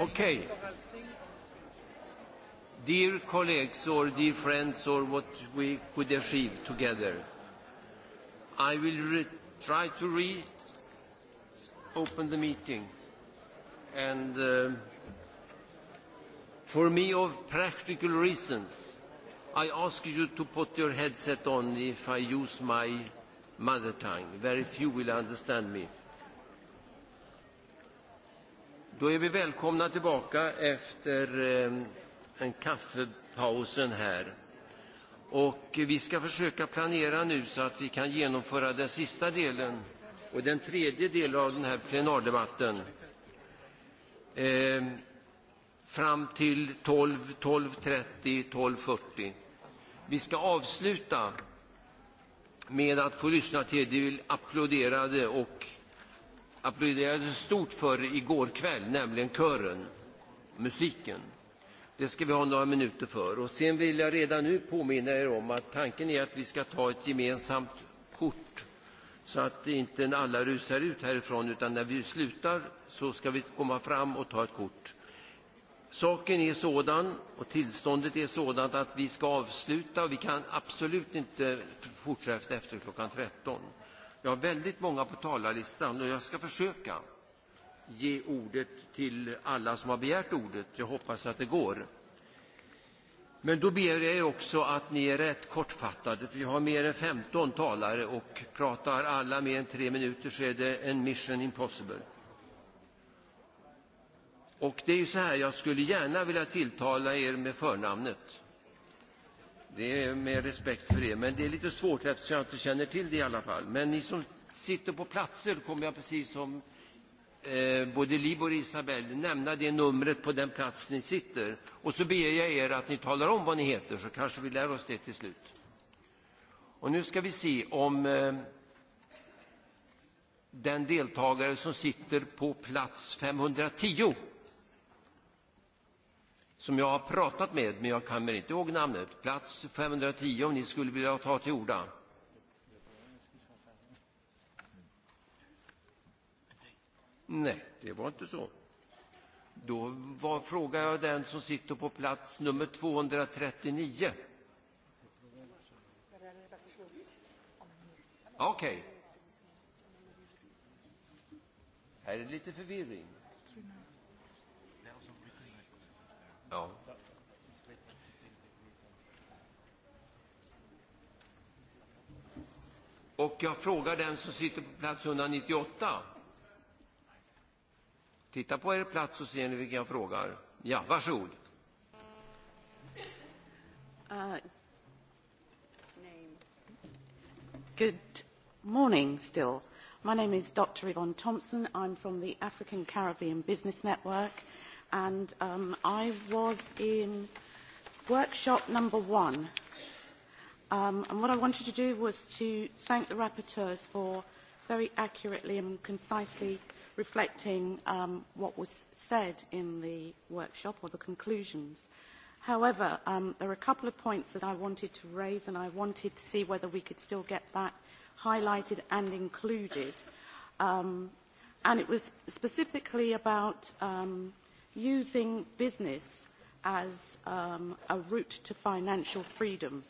Okay. Dear colleagues or dear friends or what we could achieve together, I will re try to re-open the meeting. And uh, for me, of practical reasons, I ask you to put your headset on if I use my mother tongue. Very few will understand me. Då är vi välkomna tillbaka efter ehm, en kaffepausen här. Och vi ska försöka planera nu så att vi kan genomföra den sista delen och den tredje delen av den här plenardebatten ehm, fram till 12, 12.30, 12.40. Vi ska avsluta med att få lyssna till det applåderade och applåderade stort för igår kväll, nämligen kören, musiken. Det ska vi ha några minuter för. Och sen vill jag redan nu påminna er om att tanken är att vi ska ta ett gemensamt kort så att inte alla rusar ut härifrån utan när vi slutar så ska vi komma fram och ta ett kort. Saken är sådan och tillståndet är sådant att vi ska avsluta vi kan absolut inte fortsätta efter klockan 13. Jag har väldigt många på talarlistan och jag ska försöka ge ordet till alla som har begärt ordet. Jag hoppas att det går. Men då ber jag er också att ni är rätt kortfattade, för jag har mer än 15 talare och pratar alla mer än tre minuter så är det en mission impossible. Och det är ju så här, jag skulle gärna vilja tilltala er med förnamnet. Det är med respekt för er, men det är lite svårt eftersom jag inte känner till det i alla fall. Men ni som sitter på platser kommer jag precis som eh, både Libor och Isabel nämna det numret på den plats ni sitter. Och så ber jag er att ni talar om vad ni heter så kanske vi lär oss det till slut. Och nu ska vi se om eh, den deltagare som sitter på plats 510 som jag har pratat med, men jag kommer inte ihåg namnet. Plats 510 om ni skulle vilja ta till orda. Nej, det var inte så. Då var, frågar jag den som sitter på plats nummer 239. Okej. Okay. Här är lite förvirring. Oh. Och jag frågar den som sitter på plats 198. Titta på er plats och ser ni vilken jag frågar. Ja, varsågod. Uh, good morning still. My name is Dr. Yvonne Thompson. I'm from the African Caribbean Business Network and um, I was in workshop number one. Um, and what I wanted to do was to thank the rapporteurs for very accurately and concisely reflecting um, what was said in the workshop or the conclusions. However, um, there are a couple of points that I wanted to raise and I wanted to see whether we could still get that highlighted and included. Um, and it was specifically about um, using business as um, a route to financial freedom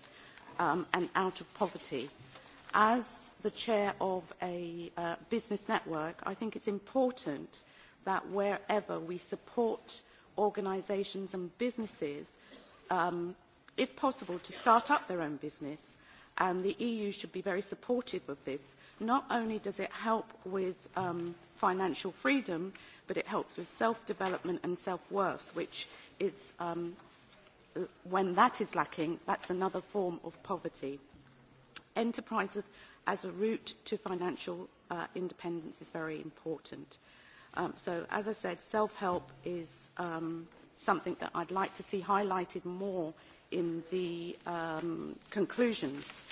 um, and out of poverty. As the chair of a uh, business network, I think it's important that wherever we support organisations and businesses, um, if possible, to start up their own business and the EU should be very supportive of this. Not only does it help with um, financial freedom, but it helps with self-development and self-worth, which is, um, when that is lacking, that's another form of poverty. Enterprises as a route to financial uh, independence is very important. Um, so, as I said, self-help is um, something that I'd like to see highlighted more in the um, conclusions.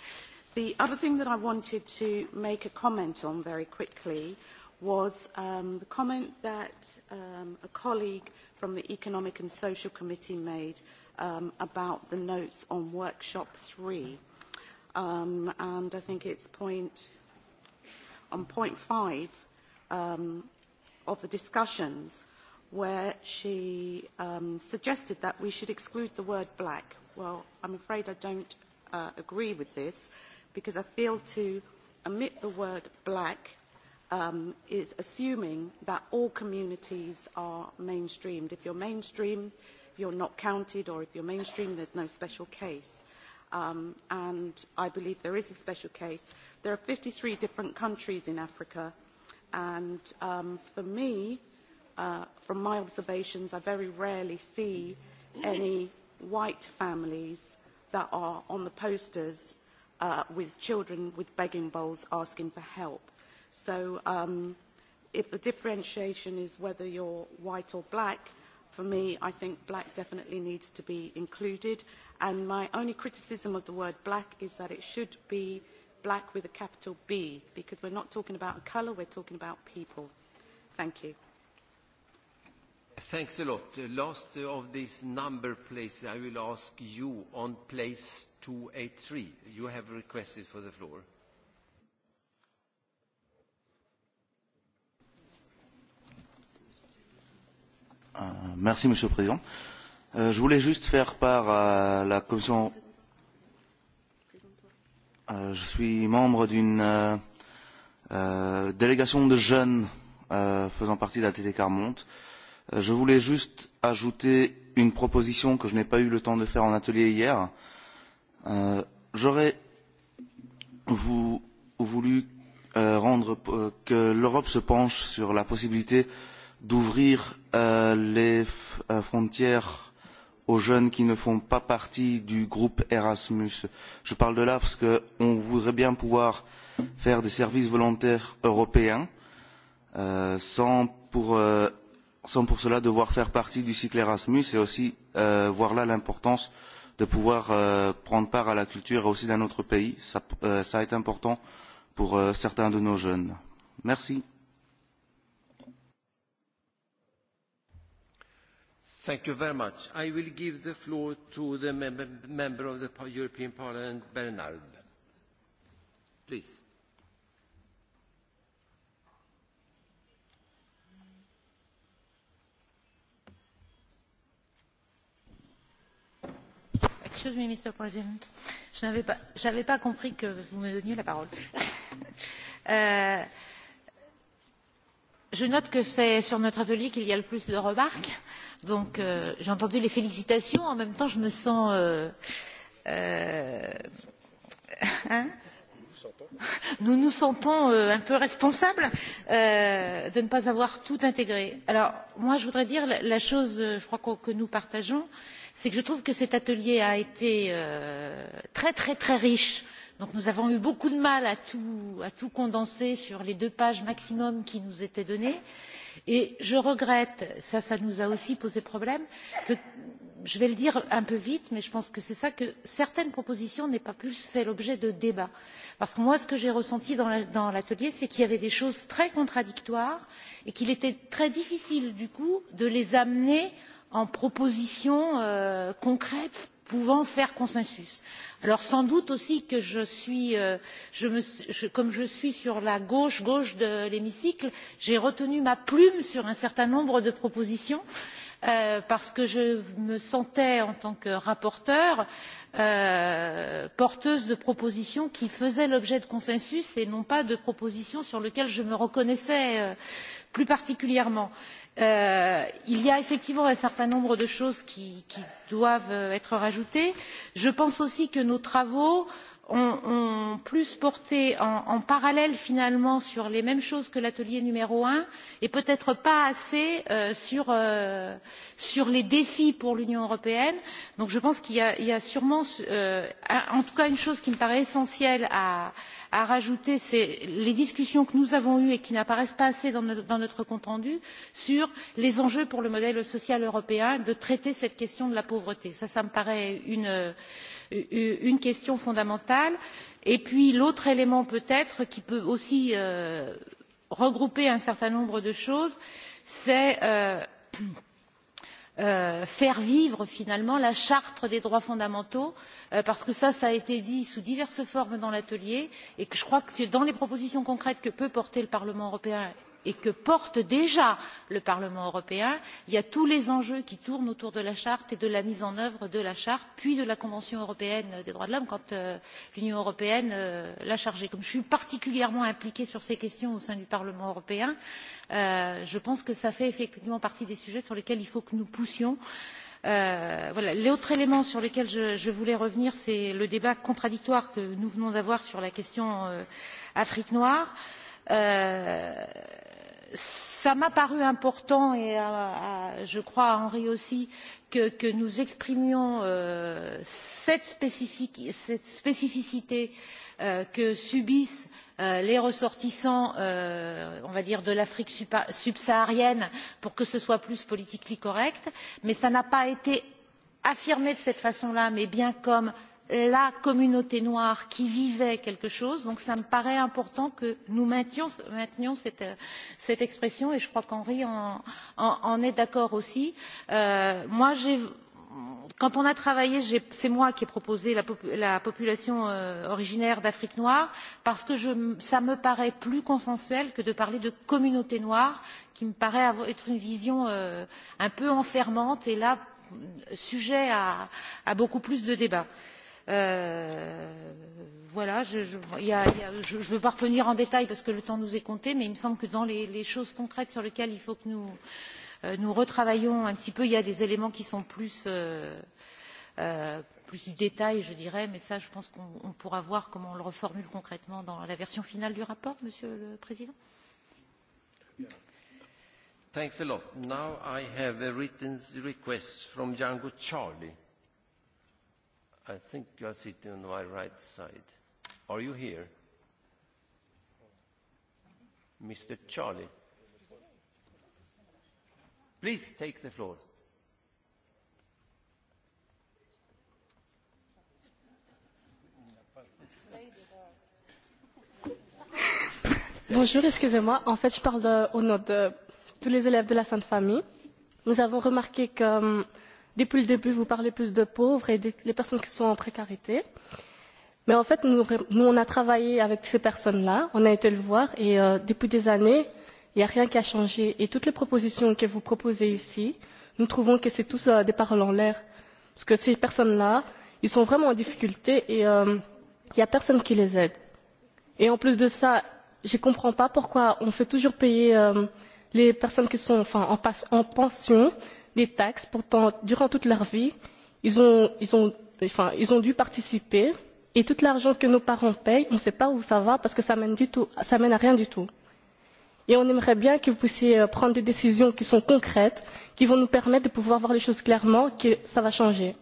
The other thing that I wanted to make a comment on very quickly was um, the comment that um, a colleague from the Economic and Social Committee made um, about the notes on Workshop 3. Um, and I think it's point, on point five um, of the discussions where she um, suggested that we should exclude the word black. Well, I'm afraid I don't uh, agree with this because I feel to omit the word black um, is assuming that all communities are mainstreamed. If you're mainstream, you're not counted, or if you're mainstream, there's no special case. Um, and I believe there is a special case. There are 53 different countries in Africa, and um, for me, Uh, from my observations, I very rarely see any white families that are on the posters uh, with children with begging bowls asking for help. So um, if the differentiation is whether you're white or black, for me, I think black definitely needs to be included. And my only criticism of the word black is that it should be black with a capital B, because we're not talking about a colour, we're talking about people. Thank you. Thanks a lot. Last of these number places, I will ask you on place 283. You have requested for the floor. Euh, merci, Monsieur le Président. Euh, je voulais juste faire part à la Commission. Euh, je suis membre d'une euh, euh, délégation de jeunes euh, faisant partie de la TT Carmonte. Euh, Je voulais juste ajouter une proposition que je n'ai pas eu le temps de faire en atelier hier. Euh, J'aurais vou voulu euh, rendre euh, que l'Europe se penche sur la possibilité d'ouvrir euh, les euh, frontières aux jeunes qui ne font pas partie du groupe Erasmus. Je parle de là parce qu'on voudrait bien pouvoir faire des services volontaires européens euh, sans pour euh, sans pour cela devoir faire partie du cycle Erasmus et aussi euh, voir là l'importance de pouvoir euh, prendre part à la culture aussi d'un autre pays. Ça, euh, ça est important pour euh, certains de nos jeunes. Merci. Thank you very much. I will give the floor to the mem member of the European Parliament, Bernard. Please. Excuse me, Mr. President. Je n'avais pas, j'avais pas compris que vous me donniez la parole. Euh, je note que c'est sur notre atelier qu'il y a le plus de remarques. Donc, euh, j'ai entendu les félicitations. En même temps, je me sens. Euh, euh, hein nous nous sentons euh, un peu responsables euh, de ne pas avoir tout intégré. Alors, moi, je voudrais dire la, la chose, euh, je crois que, que nous partageons, euh, c'est que je trouve que cet atelier a été euh, très très très riche. Donc nous avons eu beaucoup de mal à tout, à tout condenser sur les deux pages maximum qui nous étaient données. Et je regrette, ça, ça nous a aussi posé problème, que je vais le dire un peu vite, mais je pense que c'est ça que certaines propositions n'aient pas plus fait l'objet de débats. Parce que moi, ce que j'ai ressenti dans l'atelier, c'est qu'il y avait des choses très contradictoires et qu'il était très difficile, du coup, de les amener en propositions euh, concrètes pouvant faire consensus. Alors sans doute aussi que je suis, euh, je me, je, comme je suis sur la gauche gauche de l'hémicycle, j'ai retenu ma plume sur un certain nombre de propositions euh, parce que je me sentais en tant que rapporteure euh, porteuse de propositions qui faisaient l'objet de consensus et non pas de propositions sur lesquelles je me reconnaissais euh, plus particulièrement. Euh, il y a effectivement un certain nombre de choses qui, qui doivent euh, être rajoutées. Je pense aussi que nos travaux ont, ont plus porté en, en parallèle finalement sur les mêmes choses que l'atelier numéro un et peut-être pas assez euh, sur, euh, sur les défis pour l'Union européenne. Donc je pense qu'il y, a, y a sûrement, euh, un, en tout cas une chose qui me paraît essentielle à, à rajouter, c'est les discussions que nous avons eues et qui n'apparaissent pas assez dans notre, dans notre compte rendu sur les enjeux pour le modèle social européen de traiter cette question de la pauvreté. Ça, ça me paraît une, euh, une question fondamentale. Et puis l'autre élément peut-être qui peut aussi euh, regrouper un certain nombre de choses, c'est euh, euh, faire vivre finalement la charte des droits fondamentaux, euh, parce que ça, ça a été dit sous diverses formes dans l'atelier, et que je crois que dans les propositions concrètes que peut porter le Parlement européen et que porte déjà le Parlement européen, il y a tous les enjeux qui tournent autour de la charte et de la mise en œuvre de la charte, puis de la Convention européenne des droits de l'homme quand euh, l'Union européenne euh, l'a chargée. Comme je suis particulièrement impliquée sur ces questions au sein du Parlement européen, euh, je pense que ça fait effectivement partie des sujets sur lesquels il faut que nous poussions. Euh, voilà. L'autre élément sur lequel je, je voulais revenir, c'est le débat contradictoire que nous venons d'avoir sur la question euh, Afrique noire. Euh, ça m'a paru important et à, euh, à, euh, je crois à Henri aussi que, que nous exprimions euh, cette, cette spécificité euh, que subissent euh, les ressortissants, euh, on va dire, de l'Afrique subsaharienne pour que ce soit plus politiquement correct, mais ça n'a pas été affirmé de cette façon-là, mais bien comme la communauté noire qui vivait quelque chose. Donc ça me paraît important que nous maintenions, maintenions cette, cette expression et je crois qu'Henri en, en, en est d'accord aussi. Euh, moi, j'ai quand on a travaillé, c'est moi qui ai proposé la, la population euh, originaire d'Afrique noire, parce que je, ça me paraît plus consensuel que de parler de communauté noire, qui me paraît avoir, être une vision euh, un peu enfermante et là, sujet à, à beaucoup plus de débats. Euh, Euh, voilà, je ne je, y a, y a, je, je veux pas revenir en détail parce que le temps nous est compté, mais il me semble que dans les, les choses concrètes sur lesquelles il faut que nous, euh, nous retravaillions un petit peu, il y a des éléments qui sont plus, euh, euh, plus du détail, je dirais, mais ça, je pense qu'on pourra voir comment on le reformule concrètement dans la version finale du rapport, Monsieur le Président. Thanks a lot. Now I have a written request from Django Charlie. I think you are sitting on my right side. Are you here? Mr. Charlie. Please take the floor. Bonjour, excusez-moi. En fait, je parle de, au nom de tous les élèves de la Sainte Famille. Nous avons remarqué que Depuis le début, vous parlez plus de pauvres et des personnes qui sont en précarité. Mais en fait, nous, nous on a travaillé avec ces personnes-là, on a été le voir, et euh, depuis des années, il n'y a rien qui a changé. Et toutes les propositions que vous proposez ici, nous trouvons que c'est tous euh, des paroles en l'air. Parce que ces personnes-là, ils sont vraiment en difficulté et euh, il euh, n'y a personne qui les aide. Et en plus de ça, je ne comprends pas pourquoi on fait toujours payer euh, les personnes qui sont enfin, en, en pension des taxes. Pourtant, durant toute leur vie, ils ont, ils ont, enfin, ils ont dû participer. Et tout l'argent que nos parents payent, on ne sait pas où ça va parce que ça mène, du tout, ça mène à rien du tout. Et on aimerait bien que vous puissiez euh, prendre des décisions qui sont concrètes, qui vont nous permettre de pouvoir voir les choses clairement, que ça va changer.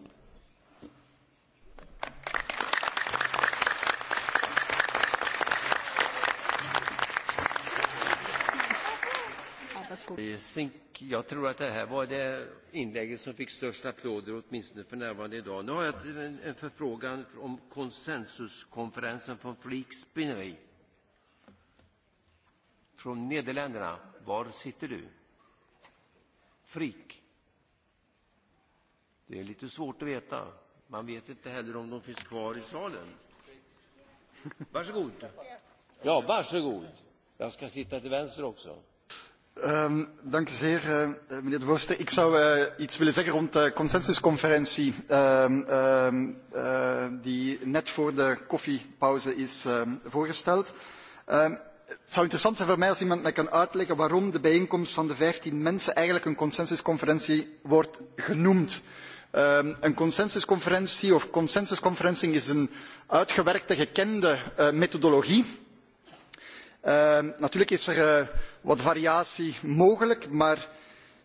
I think jag tror att det här var det inlägget som fick störst applåder, åtminstone för närvarande idag. Nu har jag en förfrågan om konsensuskonferensen från Flik Spinneri. Från Nederländerna. Var sitter du? Frik. Det är lite svårt att veta. Man vet inte heller om de finns kvar i salen. Varsågod. Ja, varsågod. Jag ska sitta till vänster också. Um, dank u zeer, uh, meneer de voorzitter. Ik zou uh, iets willen zeggen rond de consensusconferentie um, um, uh, die net voor de koffiepauze is um, voorgesteld. Um, het zou interessant zijn voor mij als iemand mij kan uitleggen waarom de bijeenkomst van de 15 mensen eigenlijk een consensusconferentie wordt genoemd. Um, een consensusconferentie of consensusconferencing is een uitgewerkte, gekende uh, methodologie Ehm, natuurlijk is er eh, wat variatie mogelijk, maar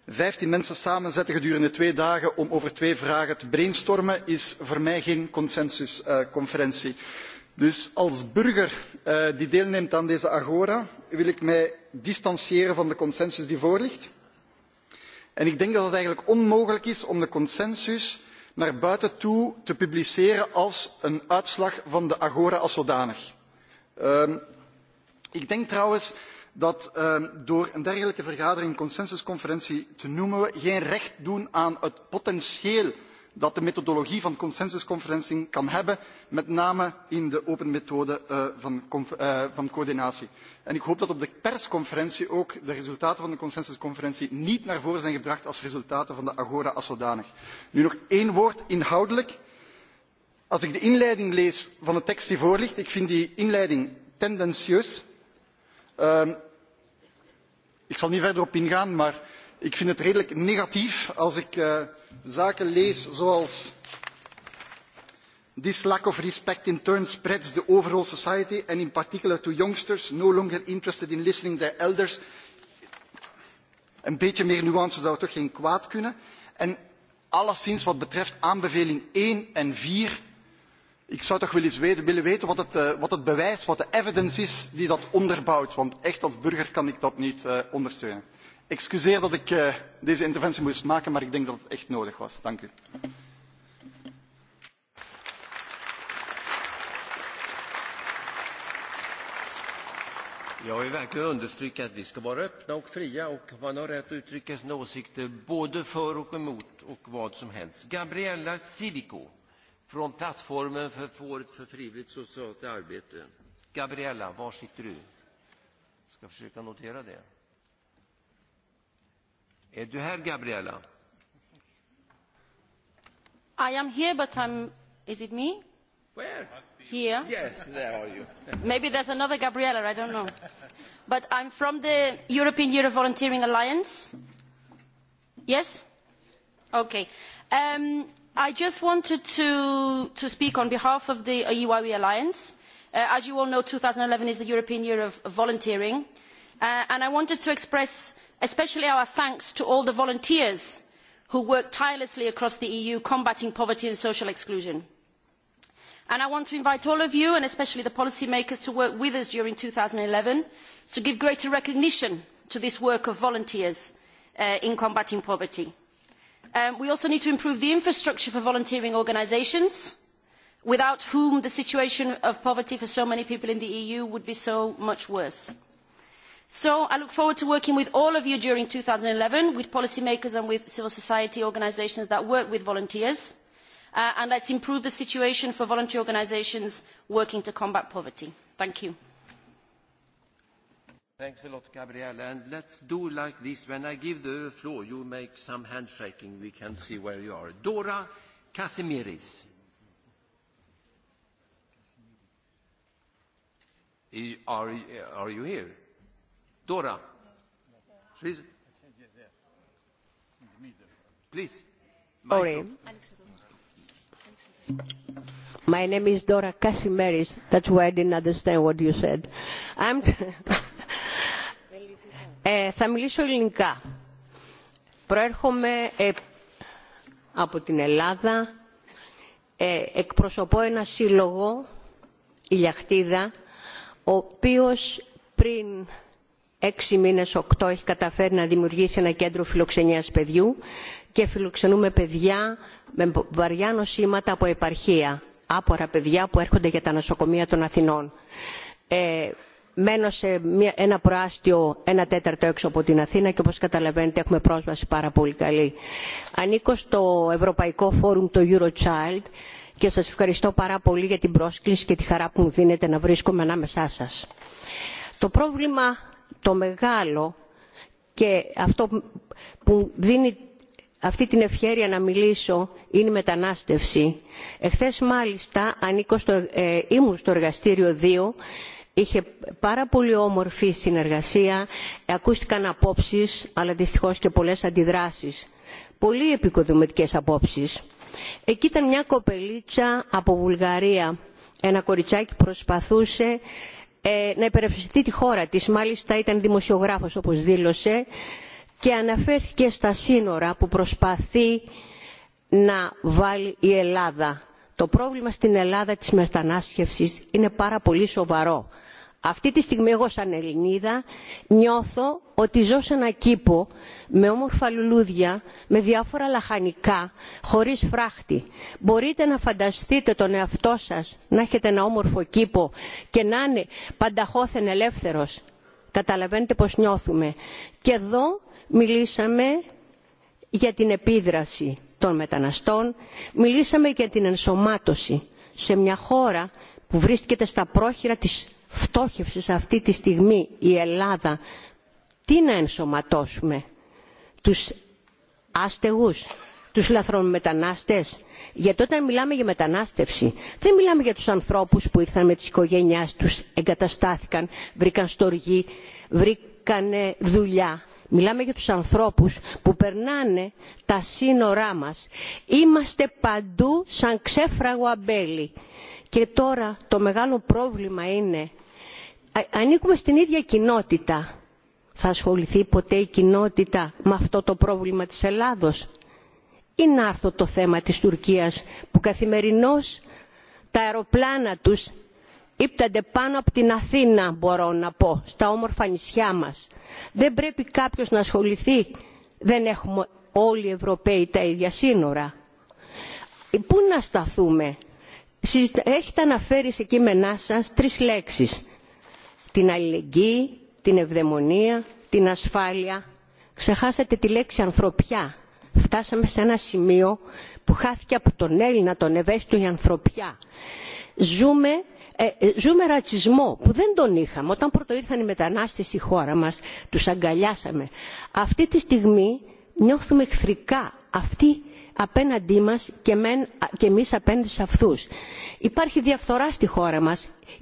vijftien mensen samenzetten gedurende twee dagen om over twee vragen te brainstormen is voor mij geen consensusconferentie. Eh, dus als burger eh, die deelneemt aan deze agora wil ik mij distancieren van de consensus die voorligt. En ik denk dat het eigenlijk onmogelijk is om de consensus naar buiten toe te publiceren als een uitslag van de agora als zodanig. Um, Ik denk trouwens dat uh, door een dergelijke vergadering, consensusconferentie te noemen, we geen recht doen aan het potentieel dat de methodologie van consensusconferentie kan hebben, met name in de open methode uh, van, uh, van coördinatie. En ik hoop dat op de persconferentie ook de resultaten van de consensusconferentie niet naar voren zijn gebracht als resultaten van de agora als zodanig. Nu nog één woord inhoudelijk. Als ik de inleiding lees van de tekst die voorligt, ik vind die inleiding tendentieus. Um, ik zal niet verder op ingaan, maar ik vind het redelijk negatief als ik uh, zaken lees zoals This lack of respect in turn spreads the overall society and in particular to youngsters no longer interested in listening their elders. Een beetje meer nuance zou toch geen kwaad kunnen. En alleszins wat betreft aanbeveling één en vier ik zou toch wel eens willen weten wat het, eh, wat het bewijs, wat de evidence is die dat onderbouwt. Want echt als burger kan ik dat niet uh, ondersteunen. Excuseer dat ik uh, deze interventie moest maken, maar ik denk dat het echt nodig was. Dank u. Jag vill verkligen understryka att vi ska vara öppna och fria och man har rätt att uttrycka sina åsikter både för och emot och vad som helst. Gabriella Civico från plattformen för Fåret för frivilligt socialt arbete. Gabriella, var sitter du? Jag Ska försöka notera det. Är du här, Gabriella? I am here, but I'm... Is it me? Where? Here. Yes, there are you. Maybe there's another Gabriella, I don't know. But I'm from the European Year of Volunteering Alliance. Yes? Okay. Um, I just wanted to, to speak on behalf of the EYW Alliance. Uh, as you all know, eleven is the European Year of Volunteering, uh, and I wanted to express especially our thanks to all the volunteers who work tirelessly across the EU combating poverty and social exclusion. And I want to invite all of you, and especially the policymakers, to work with us during eleven to give greater recognition to this work of volunteers uh, in combating poverty. Um, we also need to improve the infrastructure for volunteering organisations, without whom the situation of poverty for so many people in the EU would be so much worse. So I look forward to working with all of you during eleven, with policymakers and with civil society organisations that work with volunteers. Uh, and let us improve the situation for voluntary organisations working to combat poverty. Thank you. Thanks a lot, Gabriel. And let's do like this. When I give the floor, you make some handshaking. We can see where you are. Dora Casimiris. Are, are you here? Dora. She's... Please. Sorry. My name is Dora Casimiris. That's why I didn't understand what you said. I'm... θα μιλήσω ελληνικά. Προέρχομαι ε, από την Ελλάδα, ε, εκπροσωπώ ένα σύλλογο, η Λιαχτίδα, ο οποίος πριν έξι μήνες, οκτώ, έχει καταφέρει να δημιουργήσει ένα κέντρο φιλοξενίας παιδιού και φιλοξενούμε παιδιά με βαριά νοσήματα από επαρχία, άπορα παιδιά που έρχονται για τα νοσοκομεία των Αθηνών. Ε, μένω σε μια, ένα προάστιο, ένα τέταρτο έξω από την Αθήνα και όπως καταλαβαίνετε έχουμε πρόσβαση πάρα πολύ καλή. Ανήκω στο Ευρωπαϊκό Φόρουμ το Eurochild και σας ευχαριστώ πάρα πολύ για την πρόσκληση και τη χαρά που μου δίνετε να βρίσκομαι ανάμεσά σας. Το πρόβλημα το μεγάλο και αυτό που δίνει αυτή την ευχαίρεια να μιλήσω είναι η μετανάστευση. Εχθές μάλιστα ανήκω στο, ε, ήμουν στο εργαστήριο 2 Είχε πάρα πολύ όμορφη συνεργασία, ακούστηκαν απόψεις, αλλά δυστυχώς και πολλές αντιδράσεις. Πολύ επικοδομητικές απόψεις. Εκεί ήταν μια κοπελίτσα από Βουλγαρία. Ένα κοριτσάκι προσπαθούσε ε, να υπερευσιστεί τη χώρα της. Μάλιστα ήταν δημοσιογράφος όπως δήλωσε και αναφέρθηκε στα σύνορα που προσπαθεί να βάλει η Ελλάδα. Το πρόβλημα στην Ελλάδα της μετανάστευσης είναι πάρα πολύ σοβαρό. Αυτή τη στιγμή εγώ σαν Ελληνίδα νιώθω ότι ζω σε ένα κήπο με όμορφα λουλούδια, με διάφορα λαχανικά, χωρίς φράχτη. Μπορείτε να φανταστείτε τον εαυτό σας να έχετε ένα όμορφο κήπο και να είναι πανταχώθεν ελεύθερος. Καταλαβαίνετε πώς νιώθουμε. Και εδώ μιλήσαμε για την επίδραση των μεταναστών, μιλήσαμε για την ενσωμάτωση σε μια χώρα που βρίσκεται στα πρόχειρα της σε αυτή τη στιγμή η Ελλάδα, τι να ενσωματώσουμε, τους άστεγους, τους λαθρομετανάστες, γιατί όταν μιλάμε για μετανάστευση, δεν μιλάμε για τους ανθρώπους που ήρθαν με τις οικογένειάς τους, εγκαταστάθηκαν, βρήκαν στοργή, βρήκαν δουλειά. Μιλάμε για τους ανθρώπους που περνάνε τα σύνορά μας. Είμαστε παντού σαν ξέφραγο αμπέλι. Και τώρα το μεγάλο πρόβλημα είναι ανήκουμε στην ίδια κοινότητα. Θα ασχοληθεί ποτέ η κοινότητα με αυτό το πρόβλημα της Ελλάδος ή να έρθω το θέμα της Τουρκίας που καθημερινώς τα αεροπλάνα τους ύπτανται πάνω από την Αθήνα μπορώ να πω στα όμορφα νησιά μας. Δεν πρέπει κάποιος να ασχοληθεί δεν έχουμε όλοι οι Ευρωπαίοι τα ίδια σύνορα. Πού να σταθούμε. Έχετε αναφέρει σε κείμενά σας τρεις λέξεις την αλληλεγγύη, την ευδαιμονία, την ασφάλεια. Ξεχάσατε τη λέξη ανθρωπιά. Φτάσαμε σε ένα σημείο που χάθηκε από τον Έλληνα, τον ευαίσθητο η ανθρωπιά. Ζούμε ζούμε ρατσισμό που δεν τον είχαμε. Όταν πρώτο ήρθαν οι μετανάστες στη χώρα μας, τους αγκαλιάσαμε. Αυτή τη στιγμή νιώθουμε εχθρικά. Αυτή απέναντί μα και, και εμεί απέναντι σε αυτού. Υπάρχει διαφθορά στη χώρα μα.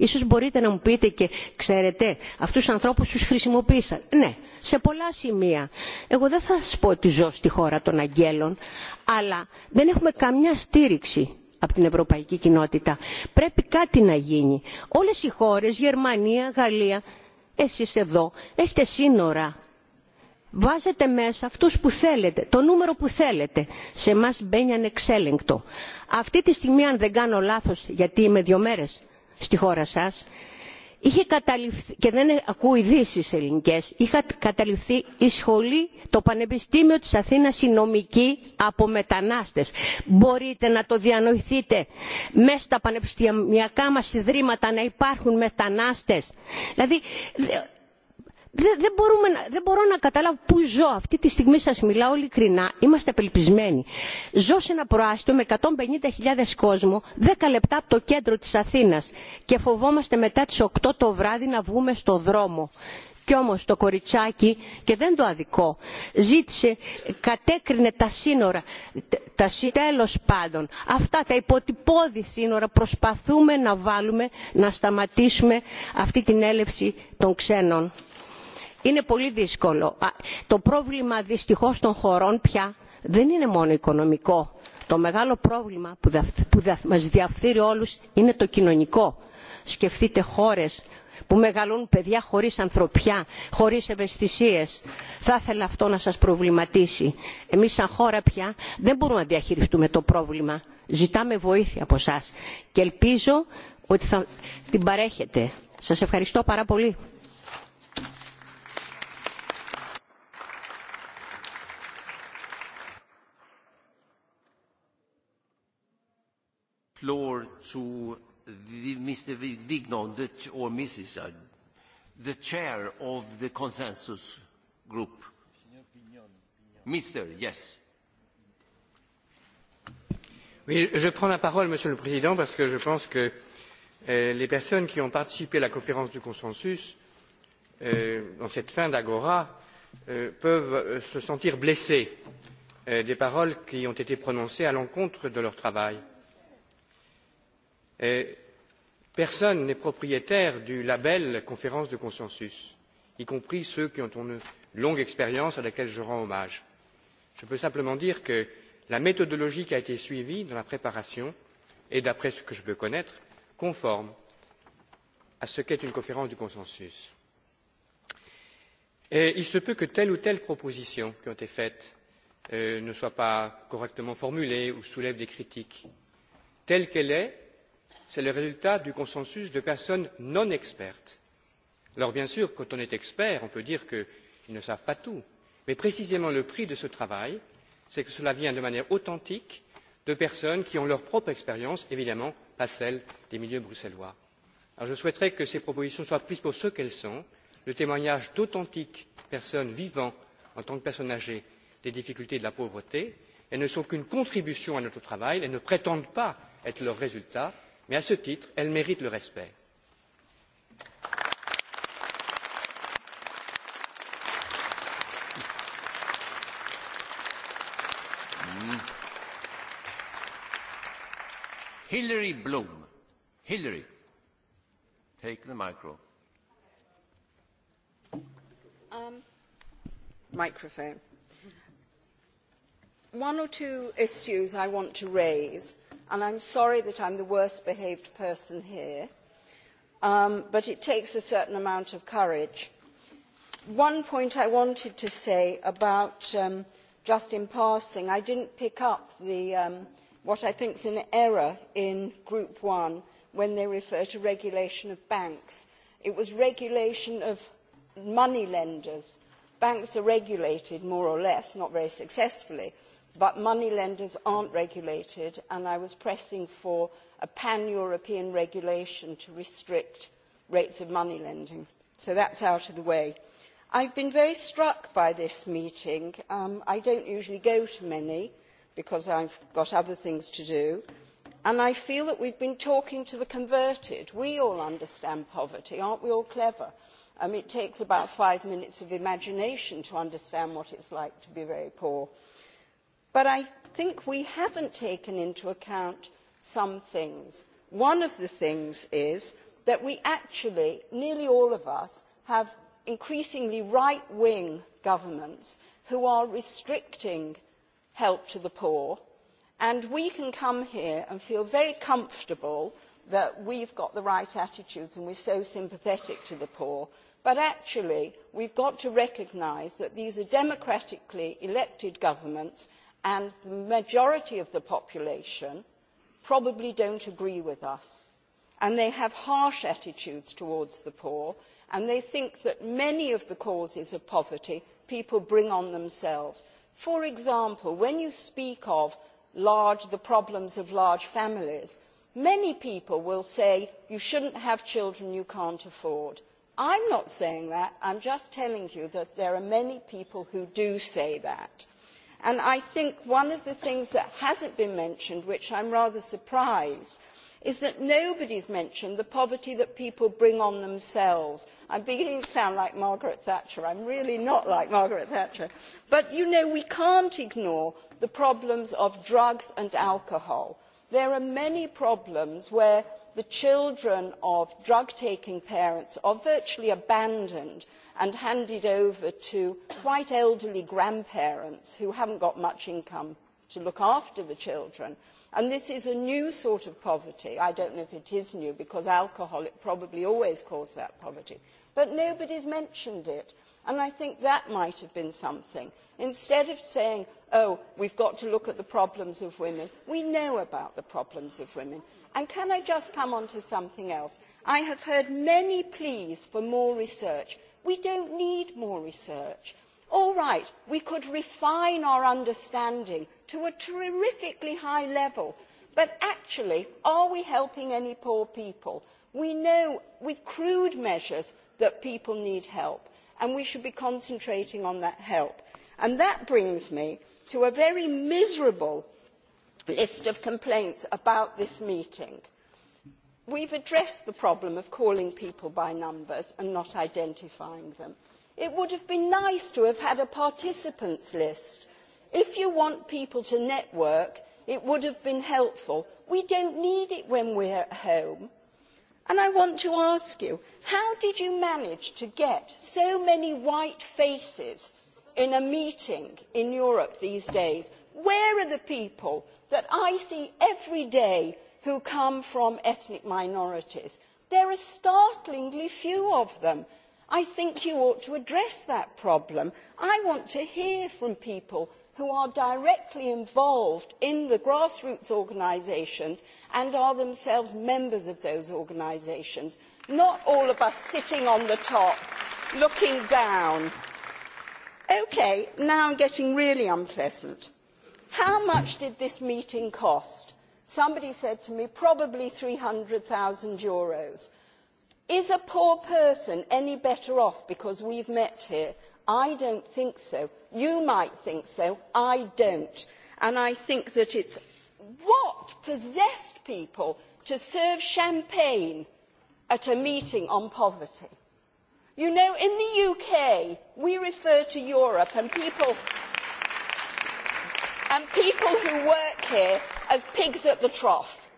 σω μπορείτε να μου πείτε και ξέρετε, αυτού του ανθρώπου του χρησιμοποίησαν. Ναι, σε πολλά σημεία. Εγώ δεν θα σα πω ότι ζω στη χώρα των αγγέλων, αλλά δεν έχουμε καμιά στήριξη από την ευρωπαϊκή κοινότητα. Πρέπει κάτι να γίνει. Όλες οι χώρες, Γερμανία, Γαλλία, εσείς εδώ, έχετε σύνορα Βάζετε μέσα αυτούς που θέλετε, το νούμερο που θέλετε. Σε μας μπαίνει ανεξέλεγκτο. Αυτή τη στιγμή, αν δεν κάνω λάθος, γιατί είμαι δύο μέρες στη χώρα σας, είχε καταληφθεί, και δεν ακούω ειδήσει ελληνικές, είχε καταληφθεί η σχολή, το Πανεπιστήμιο της Αθήνας η νομική από μετανάστες. Μπορείτε να το διανοηθείτε μέσα στα πανεπιστημιακά μας ιδρύματα να υπάρχουν μετανάστες. Δηλαδή, δεν, μπορούμε, δεν μπορώ να καταλάβω πού ζω. Αυτή τη στιγμή σας μιλάω ειλικρινά. Είμαστε απελπισμένοι. Ζω σε ένα προάστιο με 150.000 κόσμο, 10 λεπτά από το κέντρο της Αθήνας και φοβόμαστε μετά τις 8 το βράδυ να βγούμε στο δρόμο. Κι όμως το κοριτσάκι, και δεν το αδικό, ζήτησε, κατέκρινε τα σύνορα, τα τέλος πάντων. Αυτά τα υποτυπώδη σύνορα προσπαθούμε να βάλουμε, να σταματήσουμε αυτή την έλευση των ξένων είναι πολύ δύσκολο. Το πρόβλημα δυστυχώς των χωρών πια δεν είναι μόνο οικονομικό. Το μεγάλο πρόβλημα που, δα, που δα, μας διαφθείρει όλους είναι το κοινωνικό. Σκεφτείτε χώρες που μεγαλούν παιδιά χωρίς ανθρωπιά, χωρίς ευαισθησίες. Θα ήθελα αυτό να σας προβληματίσει. Εμείς σαν χώρα πια δεν μπορούμε να διαχειριστούμε το πρόβλημα. Ζητάμε βοήθεια από εσά και ελπίζω ότι θα την παρέχετε. Σας ευχαριστώ πάρα πολύ. floor to the, Mr. Vignon, or Mrs. Uh, the chair of the consensus group. Mr. yes. Oui, je prends la parole, Monsieur le Président, parce que je pense que euh, les personnes qui ont participé à la conférence du consensus euh, dans cette fin d'agora euh, peuvent euh, se sentir blessées euh, des paroles qui ont été prononcées à l'encontre de leur travail Euh, personne n'est propriétaire du label conférence de consensus, y compris ceux qui ont une longue expérience à laquelle je rends hommage. Je peux simplement dire que la méthodologie qui a été suivie dans la préparation est, d'après ce que je peux connaître, conforme à ce qu'est une conférence du consensus. il se peut que telle ou telle proposition qui ont été faite euh, ne soit pas correctement formulée ou soulève des critiques. Telle qu'elle est, c'est le résultat du consensus de personnes non expertes. alors bien sûr quand on est expert on peut dire qu'ils ne savent pas tout mais précisément le prix de ce travail c'est que cela vient de manière authentique de personnes qui ont leur propre expérience évidemment pas celle des milieux bruxellois. Alors je souhaiterais que ces propositions soient prises pour ce qu'elles sont le témoignage d'authentiques personnes vivant en tant que personnes âgées des difficultés de la pauvreté elles ne sont qu'une contribution à notre travail elles ne prétendent pas être leurs résultats Mais à ce titre, elle mérite le respect. Hmm. Hillary Bloom. Hillary, take the micro. Um, microphone. One or two issues I want to raise and I am sorry that I am the worst behaved person here, um, but it takes a certain amount of courage. One point I wanted to say about um, just in passing, I did not pick up the, um, what I think is an error in Group one when they refer to regulation of banks. It was regulation of money lenders. Banks are regulated more or less, not very successfully, but money lenders are not regulated and i was pressing for a pan european regulation to restrict rates of money lending so that is out of the way. i have been very struck by this meeting um, i do not usually go to many because i have got other things to do and i feel that we have been talking to the converted. we all understand poverty are we not all clever? Um, it takes about five minutes of imagination to understand what it is like to be very poor but i think we have not taken into account some things. one of the things is that we actually nearly all of us have increasingly right wing governments who are restricting help to the poor and we can come here and feel very comfortable that we have got the right attitudes and we are so sympathetic to the poor but actually we have got to recognise that these are democratically elected governments and the majority of the population probably do not agree with us and they have harsh attitudes towards the poor and they think that many of the causes of poverty people bring on themselves. For example, when you speak of large, the problems of large families, many people will say you should not have children you cannot afford. I am not saying that, I am just telling you that there are many people who do say that. And I think one of the things that has not been mentioned, which I am rather surprised, is that nobody has mentioned the poverty that people bring on themselves. I am beginning to sound like Margaret Thatcher. I am really not like Margaret Thatcher. But, you know, we cannot ignore the problems of drugs and alcohol. There are many problems where the children of drug taking parents are virtually abandoned and handed over to quite elderly grandparents who have not got much income to look after the children. And this is a new sort of poverty. I do not know if it is new because alcohol it probably always caused that poverty. But nobody has mentioned it. And I think that might have been something. Instead of saying, oh, we have got to look at the problems of women, we know about the problems of women. And can I just come on to something else? I have heard many pleas for more research. We don't need more research. All right, we could refine our understanding to a terrifically high level, but actually, are we helping any poor people? We know with crude measures that people need help, and we should be concentrating on that help. And that brings me to a very miserable list of complaints about this meeting. We have addressed the problem of calling people by numbers and not identifying them. It would have been nice to have had a participants list. If you want people to network, it would have been helpful. We don't need it when we are at home. And I want to ask you, how did you manage to get so many white faces in a meeting in Europe these days where are the people that I see every day who come from ethnic minorities? There are startlingly few of them. I think you ought to address that problem. I want to hear from people who are directly involved in the grassroots organisations and are themselves members of those organisations, not all of us sitting on the top looking down. Okay, now I'm getting really unpleasant. How much did this meeting cost? Somebody said to me, probably hundred euros. Is a poor person any better off because we've met here? I don't think so. You might think so. I don't. And I think that it's what possessed people to serve champagne at a meeting on poverty? You know, in the UK, we refer to Europe and people and people who work here as pigs at the trough.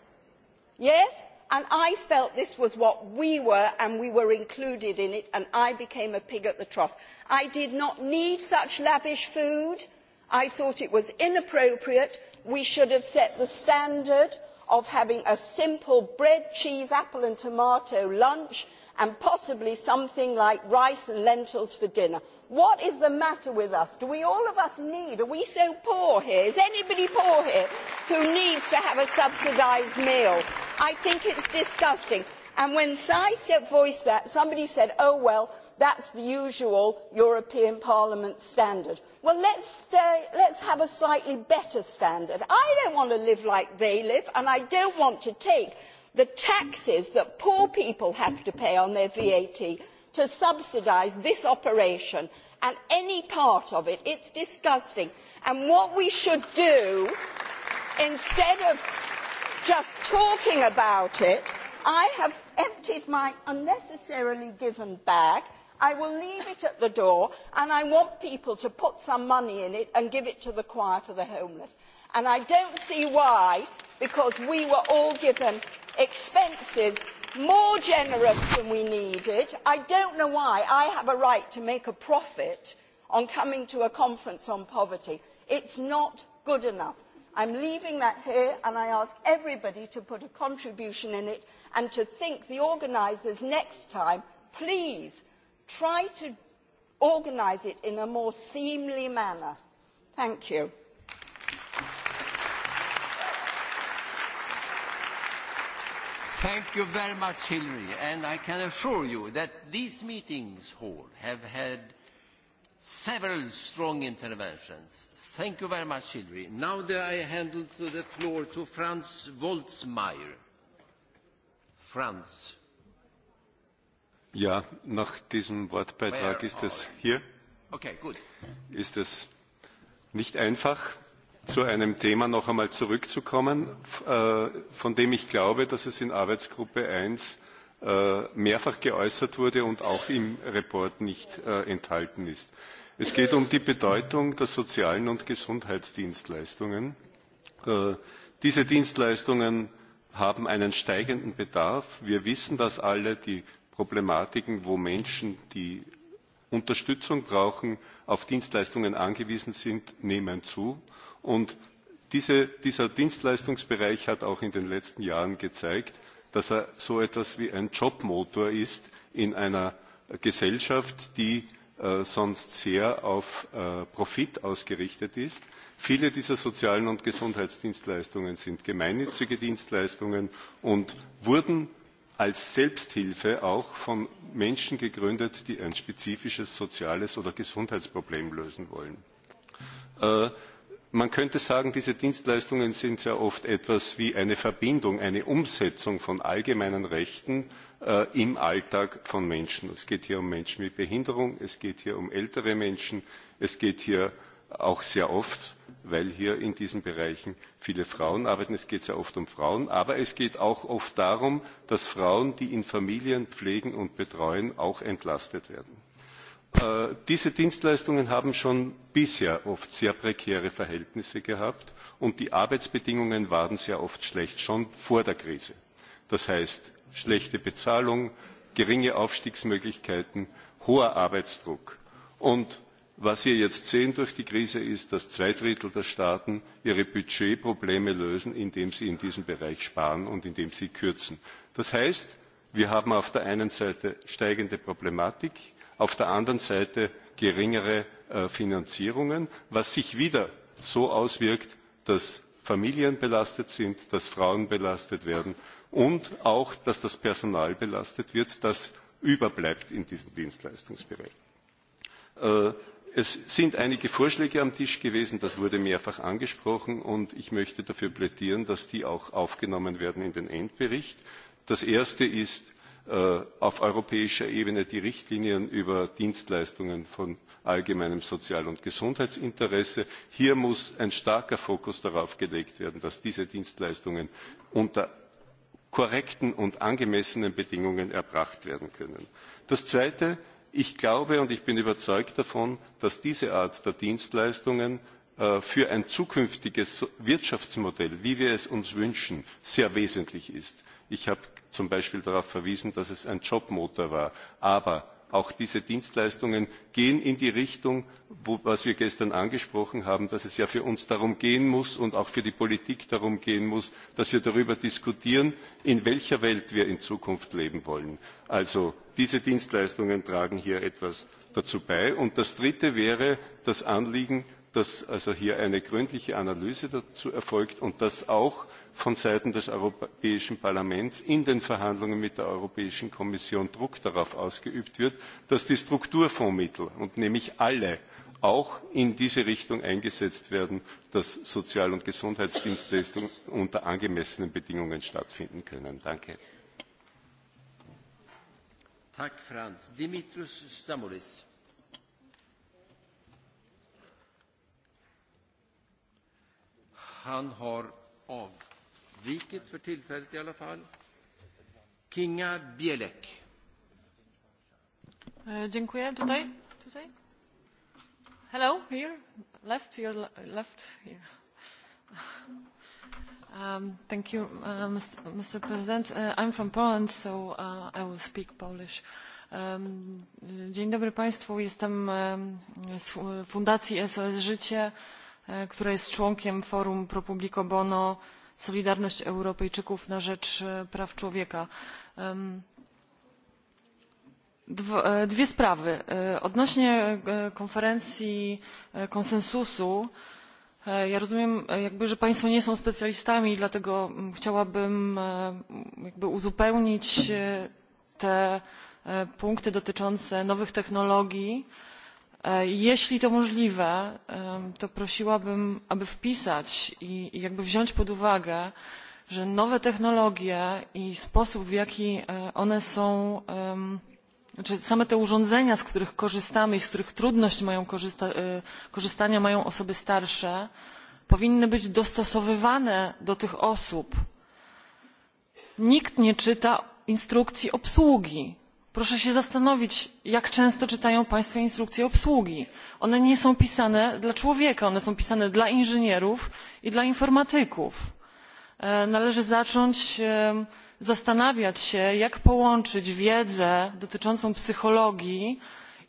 Yes? And I felt this was what we were and we were included in it and I became a pig at the trough. I did not need such lavish food. I thought it was inappropriate. We should have set the standard of having a simple bread, cheese, apple and tomato lunch and possibly something like rice and lentils for dinner. What is the matter with us? Do we all of us need? Are we so poor here? Is anybody poor here who needs to have a subsidised meal? I think it's disgusting. And when I voiced that, somebody said, oh, well, that's the usual European Parliament standard. Well, let's, stay, let's have a slightly better standard. I don't want to live like they live, and I don't want to take the taxes that poor people have to pay on their VAT to subsidise this operation and any part of it. It is disgusting. And what we should do, instead of just talking about it, I have emptied my unnecessarily given bag. I will leave it at the door and I want people to put some money in it and give it to the choir for the homeless. And I don't see why, because we were all given expenses more generous than we needed. I don't know why I have a right to make a profit on coming to a conference on poverty. It's not good enough. I'm leaving that here and I ask everybody to put a contribution in it and to think the organisers next time, please try to organise it in a more seemly manner. Thank you. Thank you very much, Hilary, and I can assure you that these meetings hall have had several strong interventions. Thank you very much, Hilary. Now that I hand to the floor to Franz Wolzmeier. Franz. Ja, nach diesem Wortbeitrag Where ist es hier. Okay, gut. Ist es nicht einfach, zu einem Thema noch einmal zurückzukommen, äh, von dem ich glaube, dass es in Arbeitsgruppe 1 äh, mehrfach geäußert wurde und auch im Report nicht äh, enthalten ist. Es geht um die Bedeutung der sozialen und Gesundheitsdienstleistungen. Diese Dienstleistungen haben einen steigenden Bedarf. Wir wissen dass alle, die Problematiken, wo Menschen, die Unterstützung brauchen, auf Dienstleistungen angewiesen sind, nehmen zu. Und diese, dieser Dienstleistungsbereich hat auch in den letzten Jahren gezeigt, dass er so etwas wie ein Jobmotor ist in einer Gesellschaft, die äh, sonst sehr auf äh, Profit ausgerichtet ist. Viele dieser sozialen und Gesundheitsdienstleistungen sind gemeinnützige Dienstleistungen und wurden als Selbsthilfe auch von Menschen gegründet, die ein spezifisches soziales oder Gesundheitsproblem lösen wollen. Äh, Man könnte sagen, diese Dienstleistungen sind sehr oft etwas wie eine Verbindung, eine Umsetzung von allgemeinen Rechten äh, im Alltag von Menschen. Es geht hier um Menschen mit Behinderung, es geht hier um ältere Menschen, es geht hier auch sehr oft, weil hier in diesen Bereichen viele Frauen arbeiten, es geht sehr oft um Frauen, aber es geht auch oft darum, dass Frauen, die in Familien pflegen und betreuen, auch entlastet werden. Äh, diese Dienstleistungen haben schon bisher oft sehr prekäre Verhältnisse gehabt und die Arbeitsbedingungen waren sehr oft schlecht, schon vor der Krise. Das heißt, schlechte Bezahlung, geringe Aufstiegsmöglichkeiten, hoher Arbeitsdruck. Und was wir jetzt sehen durch die Krise ist, dass zwei Drittel der Staaten ihre Budgetprobleme lösen, indem sie in diesem Bereich sparen und indem sie kürzen. Das heißt, wir haben auf der einen Seite steigende Problematik, auf der anderen Seite geringere äh, Finanzierungen, was sich wieder so auswirkt, dass Familien belastet sind, dass Frauen belastet werden und auch, dass das Personal belastet wird, das überbleibt in diesem Dienstleistungsbereich. Äh, es sind einige Vorschläge am Tisch gewesen, das wurde mehrfach angesprochen und ich möchte dafür plädieren, dass die auch aufgenommen werden in den Endbericht. Das erste ist, Äh, auf europäischer Ebene die Richtlinien über Dienstleistungen von allgemeinem Sozial- und Gesundheitsinteresse. Hier muss ein starker Fokus darauf gelegt werden, dass diese Dienstleistungen unter korrekten und angemessenen Bedingungen erbracht werden können. Das Zweite, ich glaube und ich bin überzeugt davon, dass diese Art der Dienstleistungen äh, für ein zukünftiges Wirtschaftsmodell, wie wir es uns wünschen, sehr wesentlich ist. Ich habe zum Beispiel darauf verwiesen, dass es ein Jobmotor war. Aber auch diese Dienstleistungen gehen in die Richtung, wo, was wir gestern angesprochen haben, dass es ja für uns darum gehen muss und auch für die Politik darum gehen muss, dass wir darüber diskutieren, in welcher Welt wir in Zukunft leben wollen. Also diese Dienstleistungen tragen hier etwas dazu bei. Und das Dritte wäre das Anliegen dass also hier eine gründliche Analyse dazu erfolgt und dass auch von Seiten des Europäischen Parlaments in den Verhandlungen mit der Europäischen Kommission Druck darauf ausgeübt wird, dass die Strukturfondsmittel und nämlich alle auch in diese Richtung eingesetzt werden, dass Sozial- und Gesundheitsdienstleistungen unter angemessenen Bedingungen stattfinden können. Danke. Franz. Han har avvikit för tillfället i alla fall. Kinga Bielek. Uh, dziękuję. Tutaj? Tutaj? Hello, here? Left, your left, here. Um, thank you, uh, Mr. Mr. President. Uh, I'm from Poland, so uh, I will speak Polish. Um, dzień dobry Państwu, jestem um, z Fundacji SOS Życie. Uh, E, która jest członkiem forum Pro Publico Bono Solidarność Europejczyków na rzecz e, praw człowieka. E, dwie sprawy. Odnośnie konferencji konsensusu, ja rozumiem, jakby, że Państwo nie są specjalistami, dlatego mm, chciałabym jakby uzupełnić te punkty dotyczące nowych technologii, E, jeśli to możliwe, to prosiłabym, aby wpisać i jakby wziąć pod uwagę, że nowe technologie i sposób, w jaki e, one są, znaczy same te urządzenia, z których korzystamy i z których trudność mają korzysta e, korzystania mają osoby starsze, powinny być dostosowywane do tych osób. Nikt nie czyta instrukcji obsługi Proszę się zastanowić, jak często czytają Państwo instrukcje obsługi. One nie są pisane dla człowieka, one są pisane dla inżynierów i dla informatyków. E, należy zacząć e, zastanawiać się, jak połączyć wiedzę dotyczącą psychologii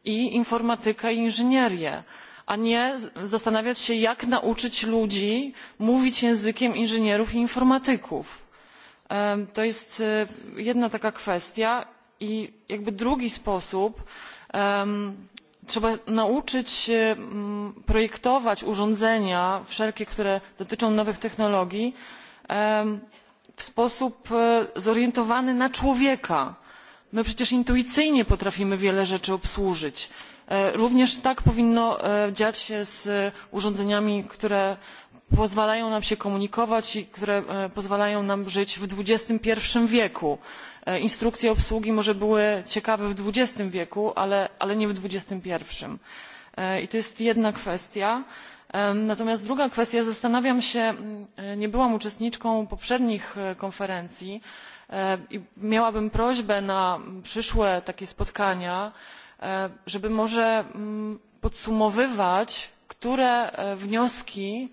i informatykę i inżynierię, a nie zastanawiać się, jak nauczyć ludzi mówić językiem inżynierów i informatyków. E, to jest jedna taka kwestia I jakby drugi sposób trzeba nauczyć się projektować urządzenia wszelkie, które dotyczą nowych technologii w sposób e, zorientowany na człowieka. My przecież intuicyjnie potrafimy wiele rzeczy obsłużyć. E, również tak powinno e, dziać się z urządzeniami, które pozwalają nam się komunikować i które pozwalają nam żyć w XXI wieku. E, instrukcje obsługi może były ciekawe w XX wieku, ale, ale nie w XXI. E, I to jest jedna kwestia. E, natomiast druga kwestia, zastanawiam się, nie byłam uczestniczką poprzednich konferencji i miałabym prośbę na przyszłe takie spotkania, żeby może podsumowywać, które wnioski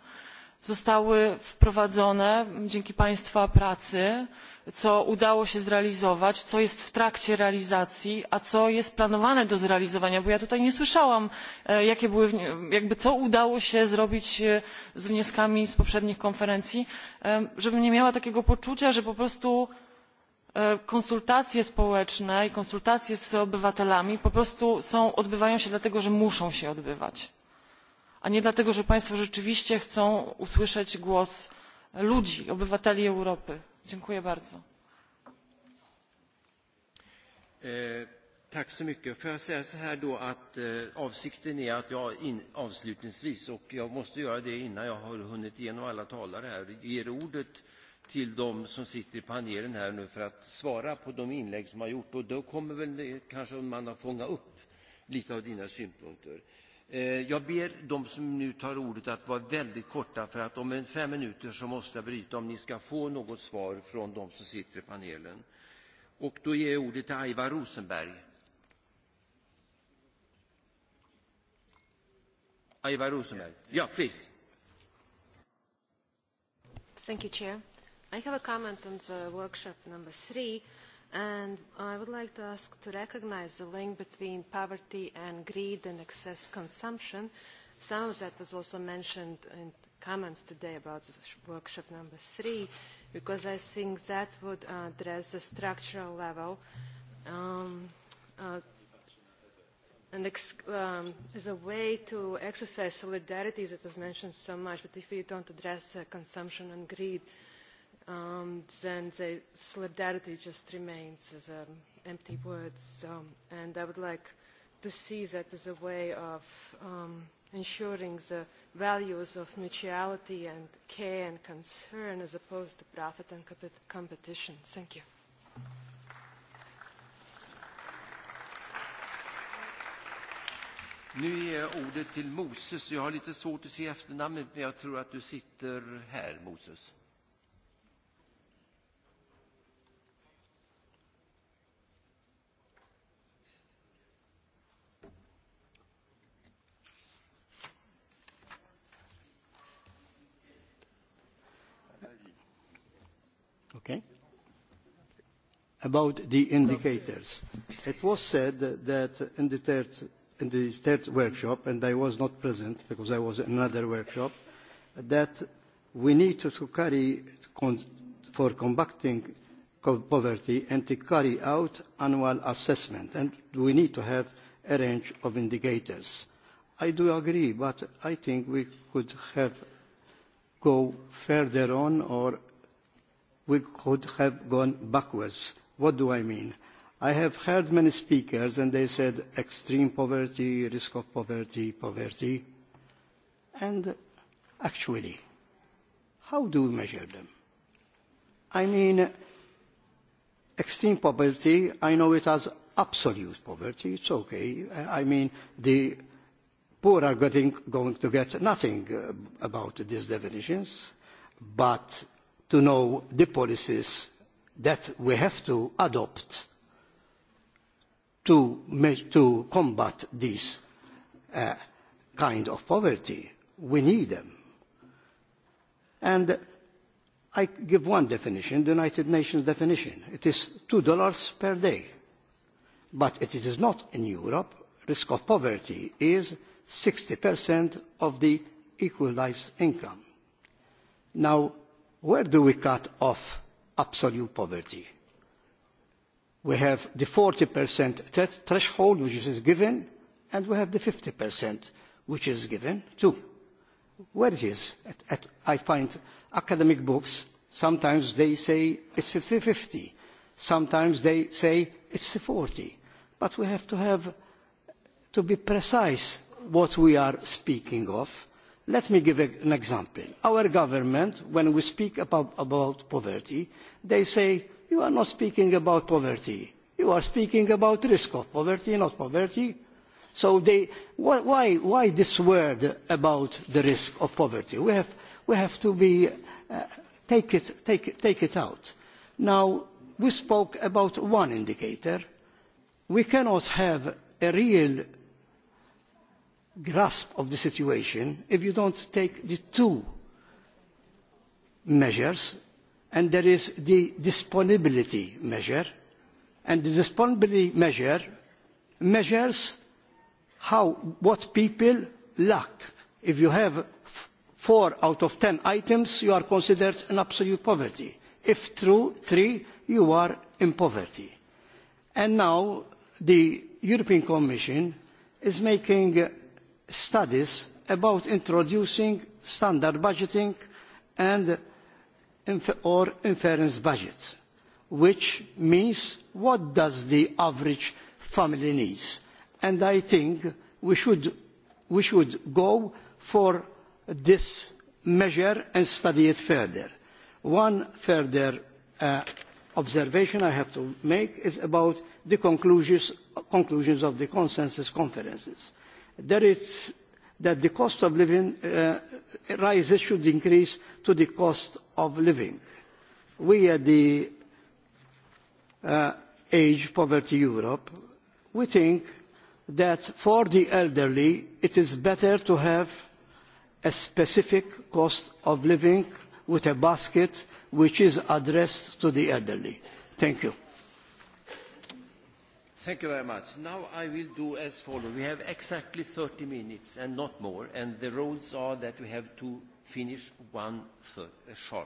zostały wprowadzone dzięki Państwa pracy, co udało się zrealizować, co jest w trakcie realizacji, a co jest planowane do zrealizowania, bo ja tutaj nie słyszałam, e, co udało się zrobić e, z wnioskami z poprzednich konferencji, żebym nie miała takiego poczucia, że po prostu e, konsultacje społeczne i konsultacje z obywatelami po prostu odbywają się dlatego, że muszą się odbywać, a nie dlatego, że państwo rzeczywiście chcą usłyszeć głos ludzi, obywateli Europy. Dziękuję bardzo. Eh, tack så mycket. Får jag säga så här då att eh, avsikten är att jag in, avslutningsvis, och jag måste göra det innan jag har hunnit igenom alla talare här, ger ordet till de som sitter i panelen här nu för att svara på de inlägg som har gjort. Och då kommer väl kanske man att fånga upp lite av dina synpunkter. Eh, jag ber de som nu tar ordet att vara väldigt korta för att om en fem minuter så måste jag bryta om ni ska få något svar från de som sitter i panelen. Och då ger jag ordet till Aiva Rosenberg. Aiva Rosenberg. Ja, please. Thank you, Chair. I have a comment on the workshop number three. And I would like to ask to recognize the link between poverty and greed and excess consumption. Some of that was also mentioned in comments today about workshop number three, because I think that would address the structural level um, uh, and ex um, as a way to exercise solidarity that was mentioned so much, but if we don't address uh, consumption and greed, uh, um, then the solidarity just remains as um, empty words. Um, and I would like to see that as a way of um, ensuring the values of mutuality and care and concern as opposed to profit and compet competition. Thank you. Nu ger jag ordet till Moses. Jag har lite svårt att se efternamnet, men jag tror att du sitter här, Moses. Okay? About the indicators. It was said that in the third, in the third workshop, and I was not present because I was in another workshop, that we need to, to carry con, for combating poverty and to carry out annual assessment, and we need to have a range of indicators. I do agree, but I think we could have go further on or we could have gone backwards. What do I mean? I have heard many speakers and they said extreme poverty, risk of poverty, poverty. And actually, how do we measure them? I mean, extreme poverty, I know it as absolute poverty, it's okay. I mean, the poor are getting, going to get nothing uh, about these definitions, but to know the policies that we have to adopt to, to combat this uh, kind of poverty. We need them. And I give one definition, the United Nations definition. It is two dollars per day. But it is not in Europe. Risk of poverty is 60% of the equalized income. Now, Where do we cut off absolute poverty? We have the 40% threshold, which is given, and we have the 50%, which is given too. Where it is? At, at, I find academic books, sometimes they say it's 50-50. Sometimes they say it's 40. But we have to have, to be precise what we are speaking of Let me give an example. Our government, when we speak about, about poverty, they say, you are not speaking about poverty. You are speaking about risk of poverty, not poverty. So they, why, why this word about the risk of poverty? We have, we have to be, uh, take, it, take, it, take it out. Now, we spoke about one indicator. We cannot have a real grasp of the situation if you don't take the two measures, and there is the disponibility measure, and the disponibility measure measures how what people lack. If you have four out of ten items, you are considered in absolute poverty. If true, three, you are in poverty. And now the European Commission is making studies about introducing standard budgeting and or inference budget, which means what does the average family needs. And I think we should, we should go for this measure and study it further. One further uh, observation I have to make is about the conclusions, conclusions of the consensus conferences that, is that the cost of living uh, rises should increase to the cost of living. We at the uh, Age Poverty Europe, we think that for the elderly it is better to have a specific cost of living with a basket which is addressed to the elderly. Thank you. Thank you very much. Now I will do as follows. We have exactly 30 minutes and not more, and the rules are that we have to finish one third, uh,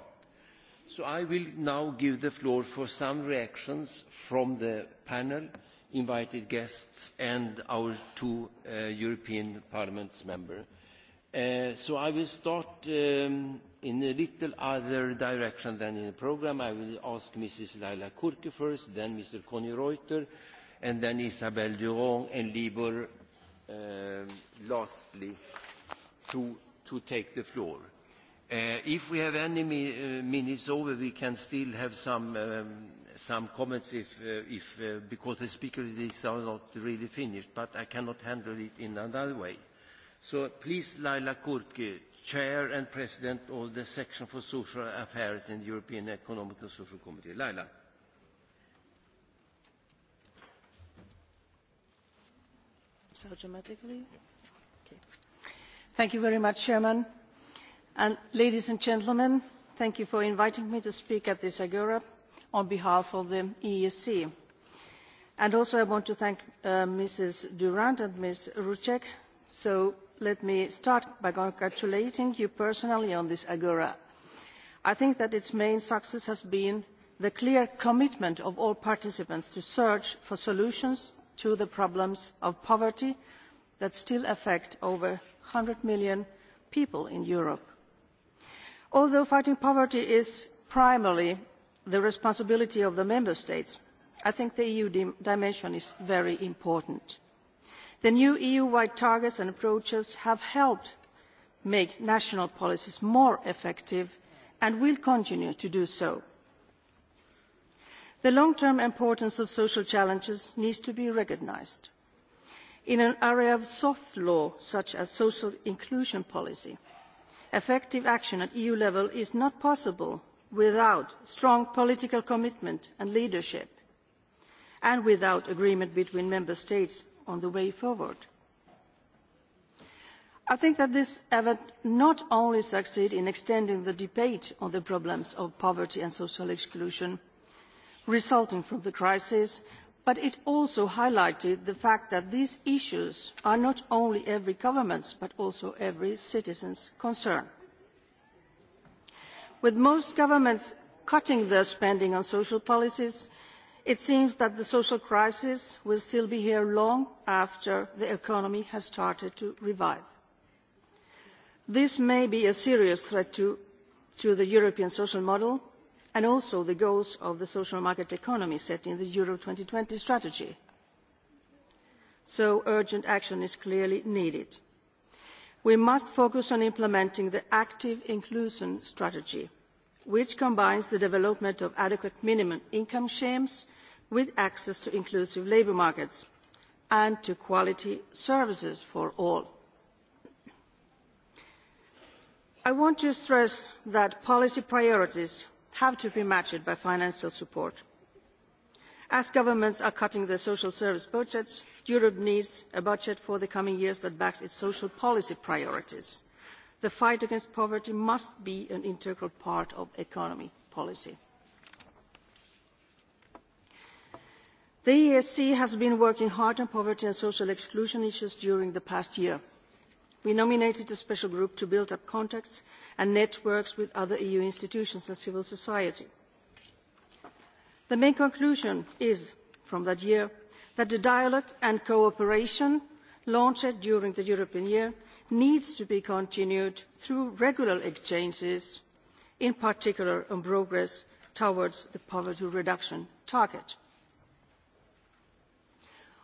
So I will now give the floor for some reactions from the panel, invited guests, and our two uh, European Parliament members. Uh, so I will start um, in a little other direction than in the program. I will ask Mrs. Laila Kurke first, then Mr. Conny Reuter, and then Isabel Durand and Libor um, lastly to, to take the floor. Uh, if we have any mi uh, minutes over, we can still have some, um, some comments if, uh, if, uh, because the speakers are not really finished, but I cannot handle it in another way. So please, Laila Kurke, Chair and President of the Section for Social Affairs in the European Economic and Social Committee. Laila. Thank you very much, Chairman. And ladies and gentlemen, thank you for inviting me to speak at this Agora on behalf of the EEC. And also I want to thank uh, Mrs. Durant and Ms. Rucek. So let me start by congratulating you personally on this Agora. I think that its main success has been the clear commitment of all participants to search for solutions to the problems of poverty that still affect over one hundred million people in Europe. Although fighting poverty is primarily the responsibility of the member states, I think the EU dim dimension is very important. The new EU-wide targets and approaches have helped make national policies more effective and will continue to do so. The long-term importance of social challenges needs to be recognised in an area of soft law such as social inclusion policy. Effective action at EU level is not possible without strong political commitment and leadership and without agreement between member states on the way forward. I think that this effort not only succeeds in extending the debate on the problems of poverty and social exclusion resulting from the crisis, but it also highlighted the fact that these issues are not only every government's but also every citizen's concern. With most governments cutting their spending on social policies, it seems that the social crisis will still be here long after the economy has started to revive. This may be a serious threat to, to the European social model and also the goals of the social market economy set in the Euro twenty strategy. So urgent action is clearly needed. We must focus on implementing the active inclusion strategy, which combines the development of adequate minimum income schemes with access to inclusive labour markets and to quality services for all. I want to stress that policy priorities have to be matched by financial support. As governments are cutting their social service budgets, Europe needs a budget for the coming years that backs its social policy priorities. The fight against poverty must be an integral part of economic policy. The ESC has been working hard on poverty and social exclusion issues during the past year. We nominated a special group to build up contacts and networks with other EU institutions and civil society. The main conclusion is from that year that the dialogue and cooperation launched during the European year needs to be continued through regular exchanges, in particular on progress towards the poverty reduction target.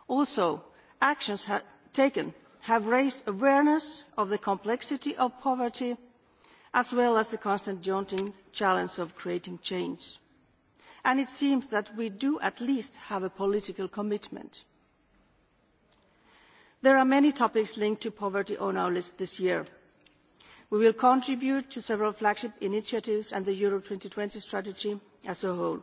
Also, actions ha taken have raised awareness of the complexity of poverty as well as the constant daunting challenge of creating change. And it seems that we do at least have a political commitment. There are many topics linked to poverty on our list this year. We will contribute to several flagship initiatives and the Europe twenty strategy as a whole.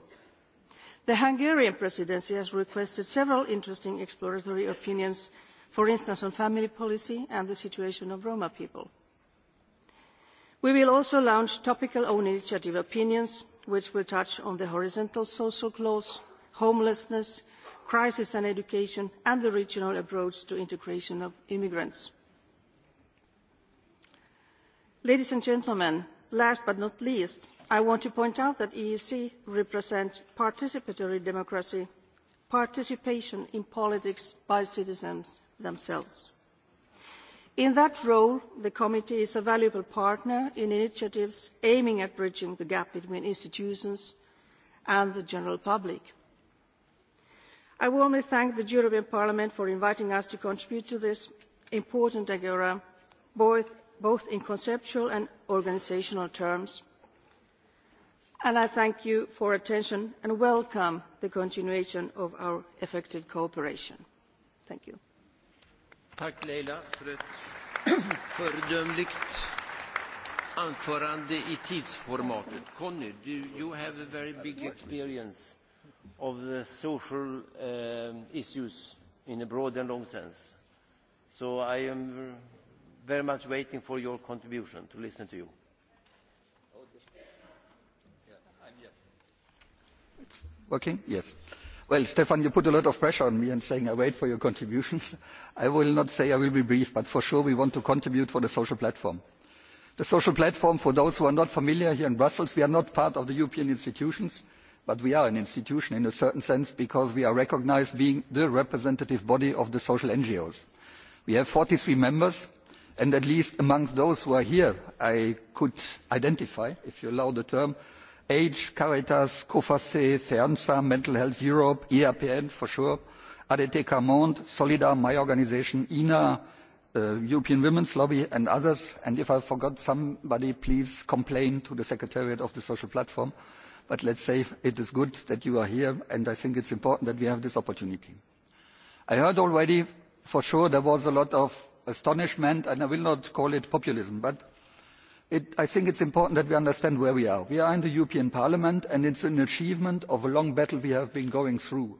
The Hungarian presidency has requested several interesting exploratory opinions, for instance on family policy and the situation of Roma people. We will also launch topical own initiative opinions which will touch on the horizontal social clause, homelessness, crisis and education and the regional approach to integration of immigrants. Ladies and gentlemen, last but not least, I want to point out that the EEC represents participatory democracy, participation in politics by citizens themselves. In that role, the committee is a valuable partner in initiatives aiming at bridging the gap between institutions and the general public. I warmly thank the European Parliament for inviting us to contribute to this important agora, both, both in conceptual and organisational terms. And I thank you for attention and welcome the continuation of our effective cooperation. Thank you. Tack Leila för ett föredömligt anförande i tidsformatet. Conny, do you have a very big experience of the uh, social uh, issues in a broad and long sense. So I am very much waiting for your contribution to listen to you. Yeah, I'm here. It's working? Yes. Well, Stefan, you put a lot of pressure on me and saying I wait for your contributions. I will not say I will be brief, but for sure we want to contribute for the social platform. The social platform, for those who are not familiar here in Brussels, we are not part of the European institutions, but we are an institution in a certain sense because we are recognized being the representative body of the social NGOs. We have 43 members, and at least amongst those who are here, I could identify, if you allow the term, Age, Caritas, COFACE, FEAMSA, Mental Health Europe, ERPN for sure, ADT Mond, Solida, my organization, INA, uh, European Women's Lobby and others. And if I forgot somebody, please complain to the Secretariat of the Social Platform. But let's say it is good that you are here, and I think it's important that we have this opportunity. I heard already, for sure, there was a lot of astonishment, and I will not call it populism, but It, I think it is important that we understand where we are. We are in the European Parliament, and it is an achievement of a long battle we have been going through.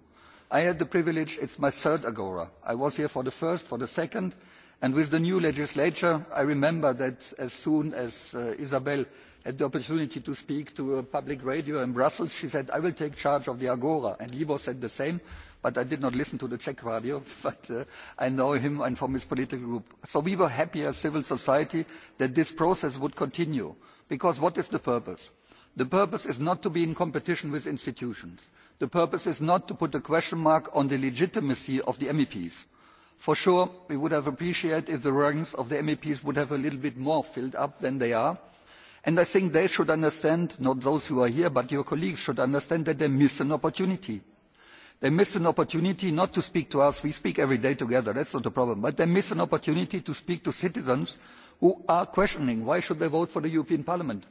I had the privilege, it is my third Agora. I was here for the first, for the second, and with the new legislature, I remember that as soon as uh, Isabel had the opportunity to speak to a public radio in Brussels, she said, I will take charge of the Agora, and LIBO said the same but I did not listen to the Czech radio, but uh, I know him and from his political group. So we were happy as civil society that this process would continue, because what is the purpose? The purpose is not to be in competition with institutions. The purpose is not to put a question mark on the legitimacy of the MEPs. For sure, we would have appreciated if the ranks of the MEPs would have a little bit more filled up than they are. And I think they should understand, not those who are here, but your colleagues should understand that they miss an opportunity. They miss an opportunity not to speak to us. We speak every day together. That's not a problem. But they miss an opportunity to speak to citizens who are questioning why should they vote for the European Parliament.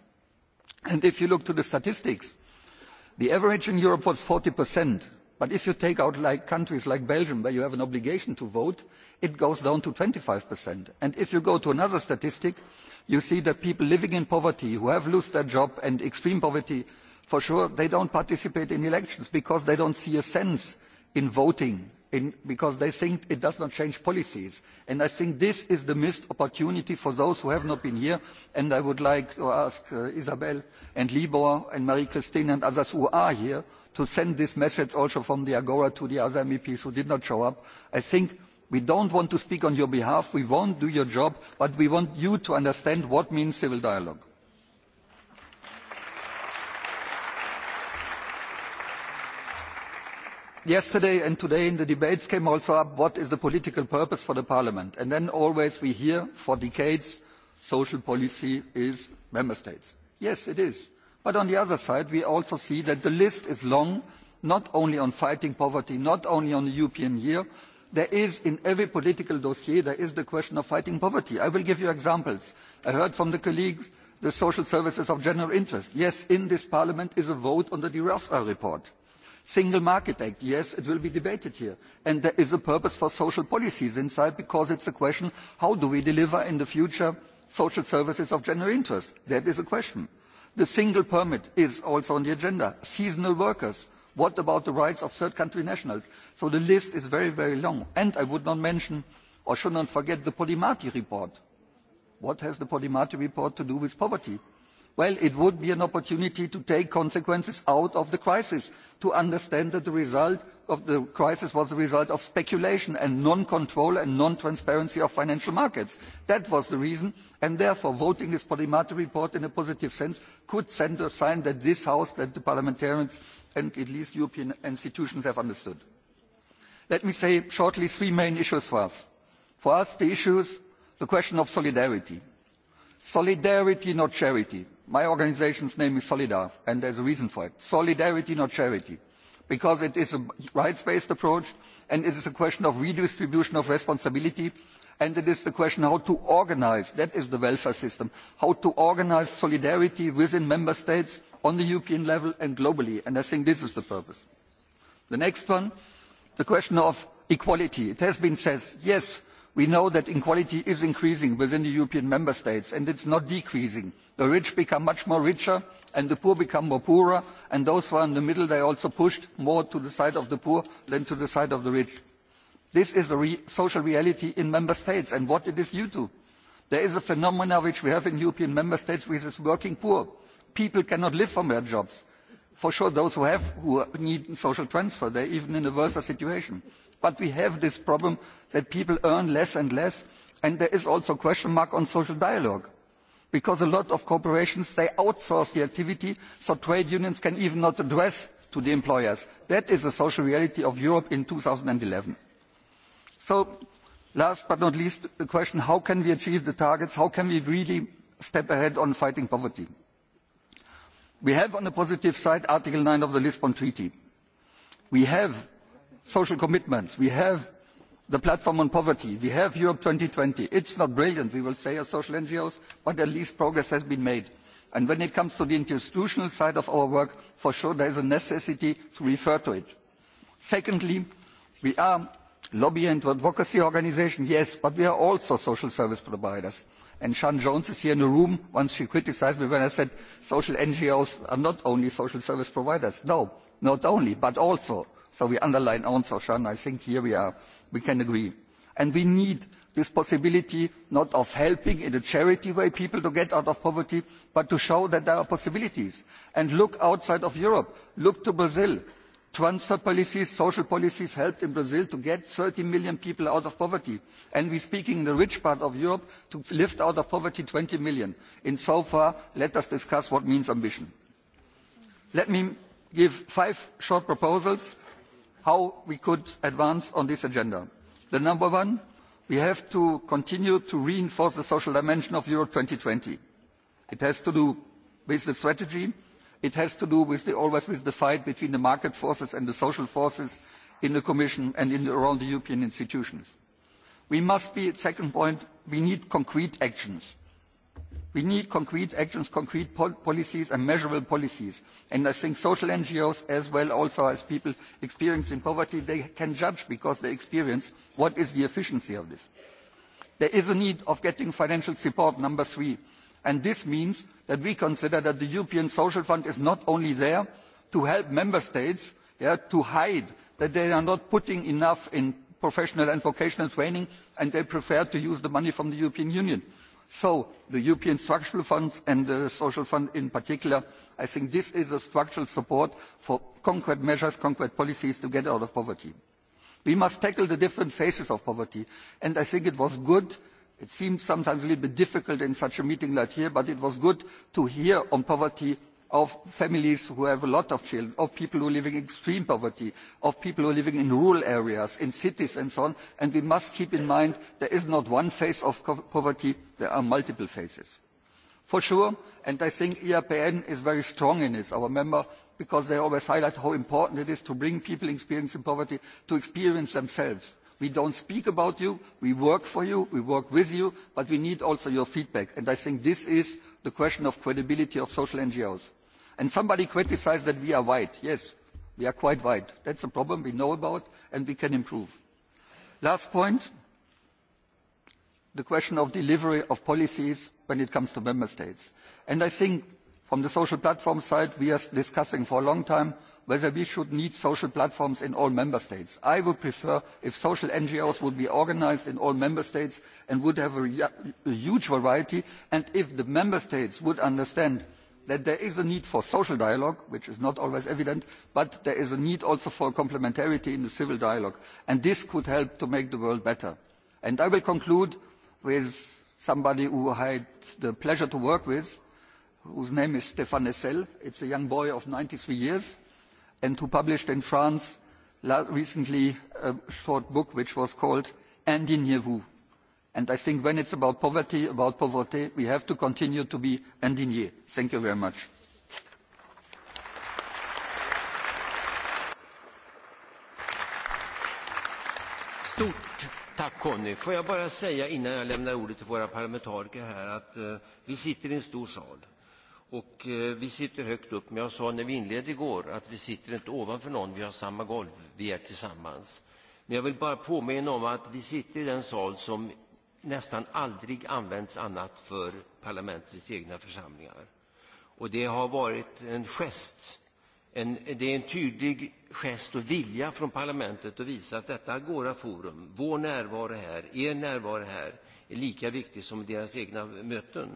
And if you look to the statistics, the average in Europe was 40%. But if you take out like countries like Belgium, where you have an obligation to vote, it goes down to 25%. And if you go to another statistic, you see that people living in poverty, who have lost their job and extreme poverty, for sure they don't participate in elections because they don't see a sense in voting in, because they think it does not change policies. And I think this is the missed opportunity for those who have not been here. And I would like to ask uh, Isabel and Libor and Marie-Christine and others who are here to send this message also from the Agora to the other MEPs who did not show up. I think we don't want to speak on your behalf. We won't do your job, but we want you to understand what means civil dialogue. yesterday and today in the debates came also up what is the political purpose for the parliament and then always we hear for decades social policy is member states yes it is but on the other side we also see that the list is long not only on fighting poverty not only on the european year there is in every political dossier there is the question of fighting poverty i will give you examples i heard from the colleagues the social services of general interest yes in this parliament is a vote on the de rossa report Single Market Act, yes, it will be debated here. And there is a purpose for social policies inside because it's a question, how do we deliver in the future social services of general interest? That is a question. The single permit is also on the agenda. Seasonal workers. What about the rights of third country nationals? So the list is very, very long. And I would not mention or should not forget the Podimati report. What has the Podimati report to do with poverty? well, it would be an opportunity to take consequences out of the crisis, to understand that the result of the crisis was the result of speculation and non-control and non-transparency of financial markets. That was the reason, and therefore voting this Podimata report in a positive sense could send a sign that this House, that the parliamentarians and at least European institutions have understood. Let me say shortly three main issues for us. For us, the issue is the question of solidarity. Solidarity, not charity. My organization's name is Solidar, and there's a reason for it. Solidarity, not charity. Because it is a rights-based approach, and it is a question of redistribution of responsibility, and it is the question how to organize, that is the welfare system, how to organize solidarity within member states on the European level and globally, and I think this is the purpose. The next one, the question of equality. It has been said, yes, We know that inequality is increasing within the European member states and it is not decreasing. The rich become much more richer and the poor become more poorer and those who are in the middle, they are also pushed more to the side of the poor than to the side of the rich. This is a re social reality in member states and what it is due to. There is a phenomenon which we have in European member states which is working poor. People cannot live from their jobs. For sure, those who have, who need social transfer, they are even in a worse situation. But we have this problem that people earn less and less, and there is also a question mark on social dialogue. Because a lot of corporations, they outsource the activity, so trade unions can even not address to the employers. That is the social reality of Europe in eleven. So, last but not least, the question, how can we achieve the targets? How can we really step ahead on fighting poverty? We have on the positive side Article nine of the Lisbon Treaty. We have social commitments. We have the platform on poverty. We have Europe twenty. It is not brilliant, we will say, as social NGOs, but at least progress has been made. And when it comes to the institutional side of our work, for sure there is a necessity to refer to it. Secondly, we are lobby and advocacy organisation, yes, but we are also social service providers. And Shan Jones is here in the room. Once she criticised me when I said social NGOs are not only social service providers. No, not only, but also. So we underline also and I think here we, are, we can agree. And we need this possibility not of helping in a charity way people to get out of poverty, but to show that there are possibilities. And look outside of Europe. Look to Brazil. Transfer policies, social policies helped in Brazil to get 30 million people out of poverty. And we're speaking in the rich part of Europe to lift out of poverty 20 million. In so far, let us discuss what means ambition. Let me give five short proposals how we could advance on this agenda. The number one, we have to continue to reinforce the social dimension of Europe twenty. It has to do with the strategy, it has to do with the, always with the fight between the market forces and the social forces in the Commission and in the, around the European institutions. We must be, second point, we need concrete actions. We need concrete actions, concrete pol policies and measurable policies. And I think social NGOs as well also as people experiencing poverty, they can judge because they experience what is the efficiency of this. There is a need of getting financial support, number three. And this means that we consider that the European Social Fund is not only there to help member states yeah, to hide that they are not putting enough in professional and vocational training and they prefer to use the money from the European Union. So the European Structural Funds and the Social Fund in particular, I think this is a structural support for concrete measures, concrete policies to get out of poverty. We must tackle the different phases of poverty, and I think it was good It seems sometimes a little bit difficult in such a meeting like here, but it was good to hear on poverty of families who have a lot of children, of people who live in extreme poverty, of people who are living in rural areas, in cities and so on. And we must keep in mind there is not one phase of poverty, there are multiple phases. For sure, and I think EAPN is very strong in this, our member, because they always highlight how important it is to bring people experiencing poverty to experience themselves. We don't speak about you, we work for you, we work with you, but we need also your feedback. And I think this is the question of credibility of social NGOs And somebody criticized that we are white. Yes, we are quite white. That's a problem we know about and we can improve. Last point, the question of delivery of policies when it comes to member states. And I think from the social platform side, we are discussing for a long time whether we should need social platforms in all member states. I would prefer if social NGOs would be organised in all member states and would have a, a huge variety, and if the member states would understand that there is a need for social dialogue, which is not always evident, but there is a need also for complementarity in the civil dialogue. And this could help to make the world better. And I will conclude with somebody who I had the pleasure to work with, whose name is Stéphane Essel. It's a young boy of 93 years, and who published in France recently a short book which was called Indignez-vous And I think when it's about poverty, about poverty, we have to continue to be indigné. Thank you very much. Stort tack Conny. Får jag bara säga innan jag lämnar ordet till våra parlamentariker här att eh, vi sitter i en stor sal. Och eh, vi sitter högt upp, men jag sa när vi inledde igår att vi sitter inte ovanför någon, vi har samma golv, vi är tillsammans. Men jag vill bara påminna om att vi sitter i den sal som nästan aldrig använts annat för parlamentets egna församlingar. Och det har varit en gest, en, det är en tydlig gest och vilja från parlamentet att visa att detta Agora Forum, vår närvaro här, er närvaro här, är lika viktig som deras egna möten.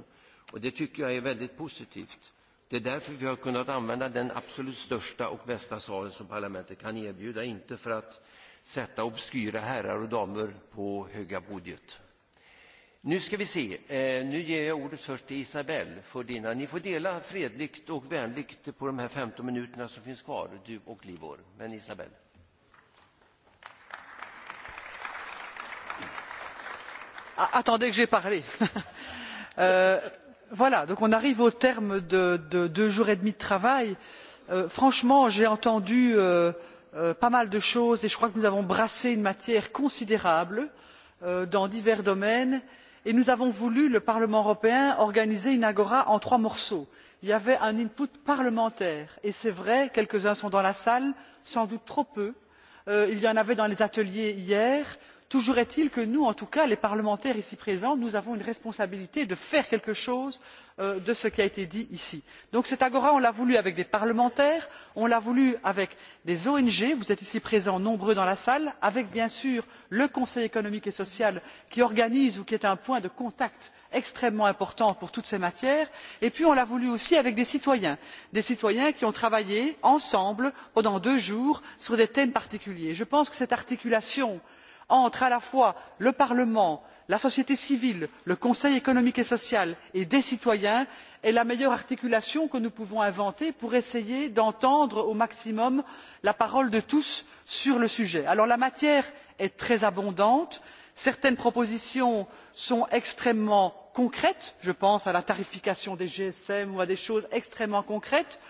Och det tycker jag är väldigt positivt. Det är därför vi har kunnat använda den absolut största och bästa salen som parlamentet kan erbjuda, inte för att sätta obskyra herrar och damer på höga budget. Nu ska vi se. Eh, nu ger jag ordet först till Isabel för dina. Ni får dela fredligt och vänligt på de här 15 minuterna som finns kvar, du och Livor. Men Isabel. Ah, attendez que j'ai parlé. euh, voilà, donc on arrive au terme de, de deux jours et demi de travail. Euh, franchement, j'ai entendu euh, euh, pas mal de choses et je crois que nous avons brassé une matière considérable euh, dans divers domaines et nous avons voulu le parlement européen organiser une agora en trois morceaux. il y avait un input parlementaire et c'est vrai quelques uns sont dans la salle sans doute trop peu euh, il y en avait dans les ateliers hier mais toujours est il que nous en tout cas les parlementaires ici présents nous avons une responsabilité de faire quelque chose euh, de ce qui a été dit ici. donc cette agora on l'a voulue avec des parlementaires on l'a voulue avec des ong vous êtes ici présents nombreux dans la salle avec bien sûr le conseil économique et social qui organise ou qui est un point de contact extrêmement important pour toutes ces matières et puis on l'a voulu aussi avec des citoyens des citoyens qui ont travaillé ensemble pendant deux jours sur des thèmes particuliers. je pense que cette articulation entre entre à la fois le parlement la société civile le conseil économique et social et des citoyens est la meilleure articulation que nous pouvons inventer pour essayer d'entendre au maximum la parole de tous sur le sujet. Alors, la matière est très abondante certaines propositions sont extrêmement concrètes je pense à la tarification des gsm ou à des choses extrêmement concrètes d'autres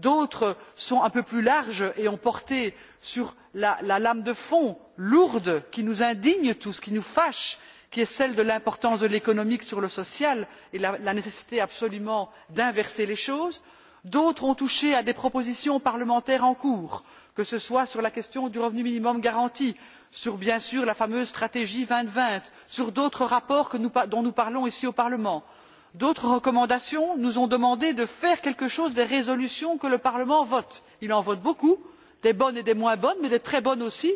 d'autres sont un peu plus larges et ont porté sur la, la lame de fond lourde qui nous indigne tous qui nous fâche qui est celle de l'importance de l'économique sur le social et la, la nécessité absolument d'inverser les choses d'autres ont touché à des propositions parlementaires en cours que ce soit sur la question du revenu minimum garanti sur bien sûr la fameuse stratégie deux mille vingt sur d'autres rapports nous, dont nous parlons ici au parlement d'autres recommandations nous ont demandé de faire quelque chose des résolutions que le parlement vote. il en vote beaucoup des bonnes et des moins bonnes mais des très bonnes aussi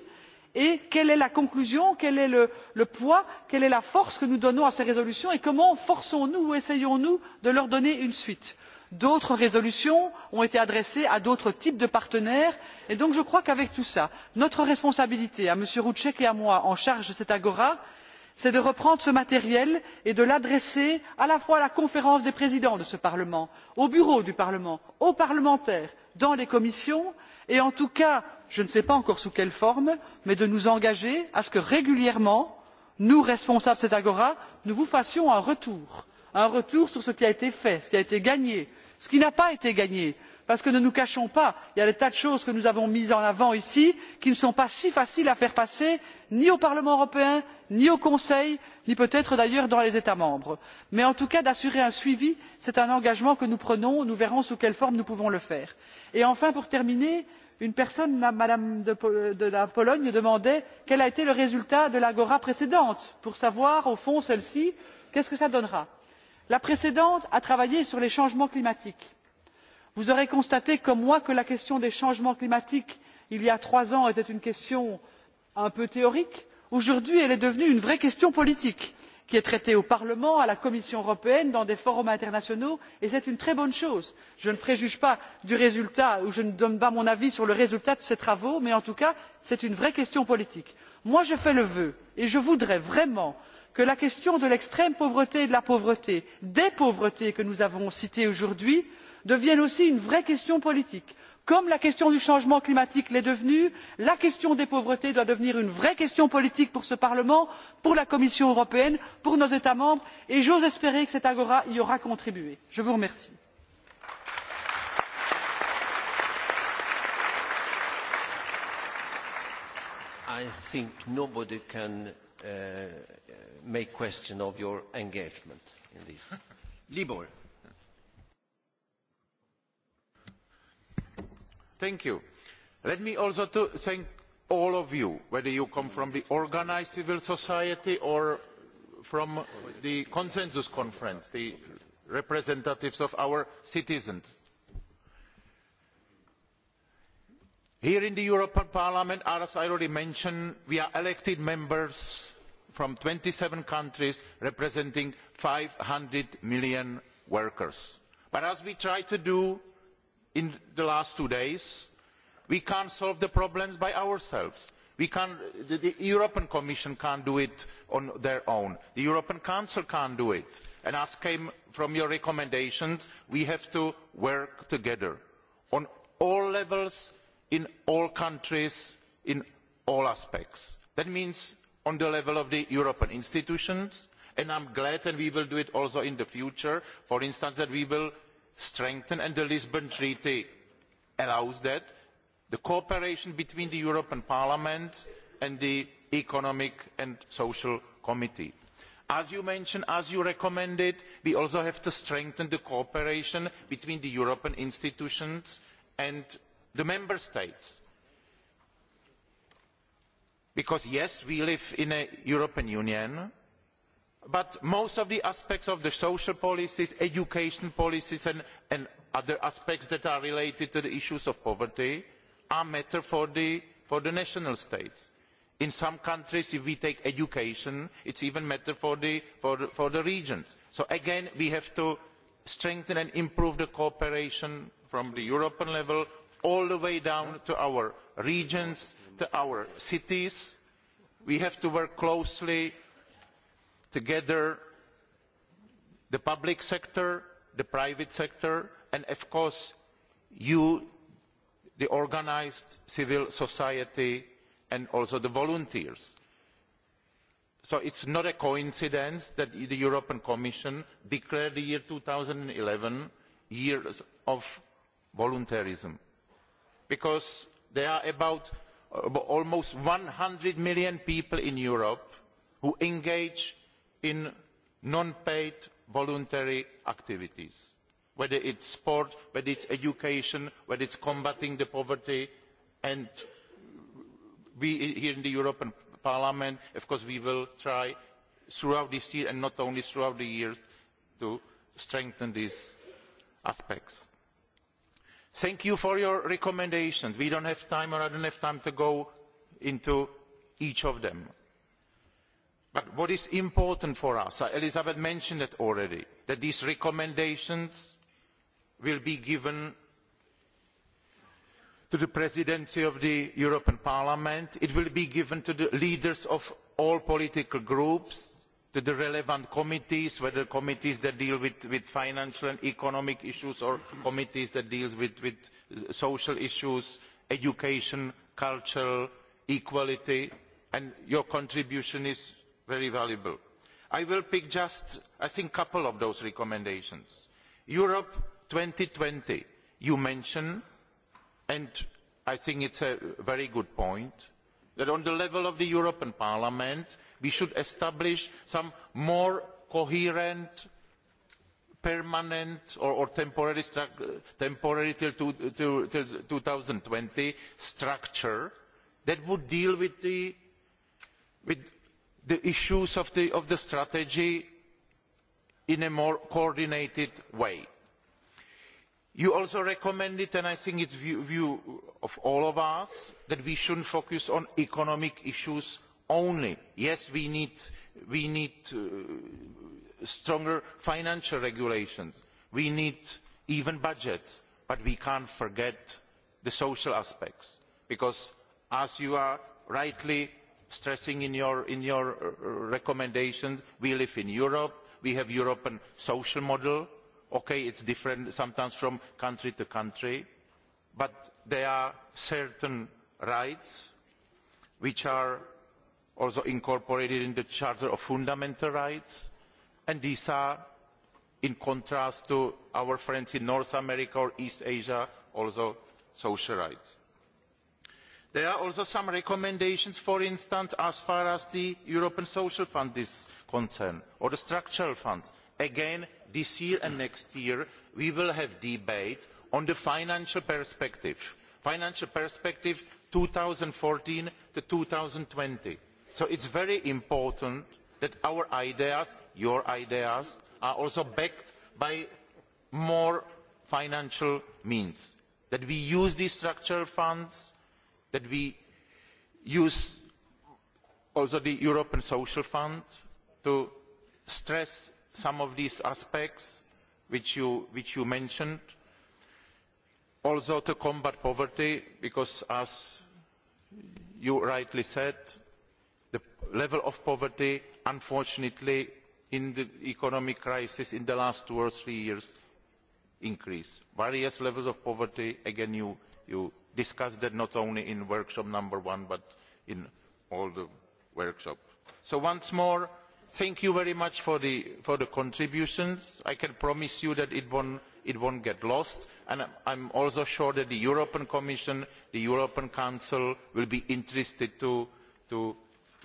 et quelle est la conclusion quel est le, le poids quelle est la force que nous donnons à ces résolutions et comment forçons nous ou essayons nous de leur donner une suite? d'autres résolutions ont été adressées à d'autres types de partenaires et donc je crois qu'avec tout cela notre responsabilité à m. rouek et à moi en charge de cette agora est c'est de reprendre ce matériel et de l'adresser à la fois à la conférence des présidents de ce parlement au bureau du parlement aux parlementaires dans les commissions et en tout cas je ne sais pas encore sous quelle forme mais de nous engager à ce que régulièrement nous responsables de cette agora nous vous fassions un retour un retour sur ce qui a été fait ce qui a été gagné ce qui n'a pas été gagné parce que ne nous cachons pas il y a des tas de choses que nous avons mises en avant ici qui ne sont pas si faciles à faire passer ni au parlement européen ni au conseil ni peut être d'ailleurs dans les états membres. mais en tout cas d'assurer un suivi c'est un engagement que nous prenons nous verrons sous quelle forme nous pouvons le faire. et enfin pour terminer une personne mme de la pologne demandait quel a été le résultat de l'agora précédente pour savoir au fond celle ci qu'est ce que cela donnera. la précédente a travaillé sur les changements climatiques vous aurez constaté comme moi que la question des changements climatiques il y a trois ans était une question un peu théorique aujourd'hui elle est devenue une vraie question politique qui est traitée au parlement à la commission européenne dans des forums internationaux et c'est une très bonne chose. je ne préjuge pas du résultat ou je ne donne pas mon avis sur le résultat de ces travaux mais en tout cas c'est une vraie question politique. Moi, je fais le vœu et je voudrais vraiment que la question de l'extrême pauvreté et de la pauvreté des pauvretés que nous avons citées aujourd'hui devienne aussi une vraie question politique comme la question du changement climatique l'est devenue la question des pauvretés doit devenir une vraie question politique pour ce parlement pour la commission européenne pour nos états membres et j'ose espérer que cette agora y aura contribué. je vous remercie. I think nobody can uh, uh make question of your engagement in this. Libor. Thank you. Let me also thank all of you, whether you come from the organised civil society or from the consensus conference, the representatives of our citizens. Here in the European Parliament, as I already mentioned, we are elected members from twenty seven countries representing five hundred million workers. But as we try to do in the last two days, we cannot solve the problems by ourselves. The, the, European Commission cannot do it on their own. The European Council cannot do it. And as came from your recommendations, we have to work together on all levels, in all countries, in all aspects. That means on the level of the European institutions, and I am glad, and we will do it also in the future, for instance, that we will strengthen and the Lisbon Treaty allows that, the cooperation between the European Parliament and the Economic and Social Committee. As you mentioned, as you recommended, we also have to strengthen the cooperation between the European institutions and the Member States. Because yes, we live in a European Union, but most of the aspects of the social policies, education policies and, and, other aspects that are related to the issues of poverty are matter for the, for the national states. In some countries, if we take education, it is even matter for the, for, the, for the regions. So again, we have to strengthen and improve the cooperation from the European level all the way down to our regions, to our cities. We have to work closely together the public sector, the private sector, and of course you, the organised civil society, and also the volunteers. So it is not a coincidence that the European Commission declared the year eleven years of voluntarism because there are about uh, almost one hundred million people in Europe who engage in non-paid voluntary activities, whether it is sport, whether it is education, whether it is combating poverty. And we here in the European Parliament, of course, we will try throughout this year and not only throughout the year to strengthen these aspects. Thank you for your recommendations. We do not have time or I do not have time to go into each of them. But what is important for us, Elizabeth mentioned it already, that these recommendations will be given to the presidency of the European Parliament, it will be given to the leaders of all political groups, to the relevant committees, whether committees that deal with, with financial and economic issues or committees that deal with, with social issues, education, culture, equality, and your contribution is very valuable. I will pick just, I think, a couple of those recommendations. Europe twenty you mention, and I think it is a very good point, that on the level of the European Parliament, we should establish some more coherent permanent or, or temporary, temporary till, to, to, till 2020 structure that would deal with the, with the issues of the, of the strategy in a more coordinated way. You also recommended, and I think it's view, view of all of us, that we shouldn't focus on economic issues only. Yes, we need, we need uh, stronger financial regulations. We need even budgets, but we can't forget the social aspects. Because as you are rightly stressing in your, in your uh, recommendation, we live in Europe, we have European social model, okay, it's different sometimes from country to country, but there are certain rights which are also incorporated in the Charter of Fundamental Rights, and these are in contrast to our friends in North America or East Asia, also social rights. There are also some recommendations, for instance, as far as the European Social Fund is concerned, or the structural funds. Again, this year and next year, we will have debate on the financial perspective. Financial perspective 2014 to twenty. So it is very important that our ideas, your ideas, are also backed by more financial means. That we use these structural funds that we use also the European Social Fund to stress some of these aspects which you, which you mentioned, also to combat poverty, because as you rightly said, the level of poverty, unfortunately, in the economic crisis in the last two or three years increased. Various levels of poverty, again, you, you discussed that not only in workshop number one but in all the workshops. So once more, thank you very much for the, for the contributions. I can promise you that it won't, it won't get lost. And I'm also sure that the European Commission, the European Council will be interested to, to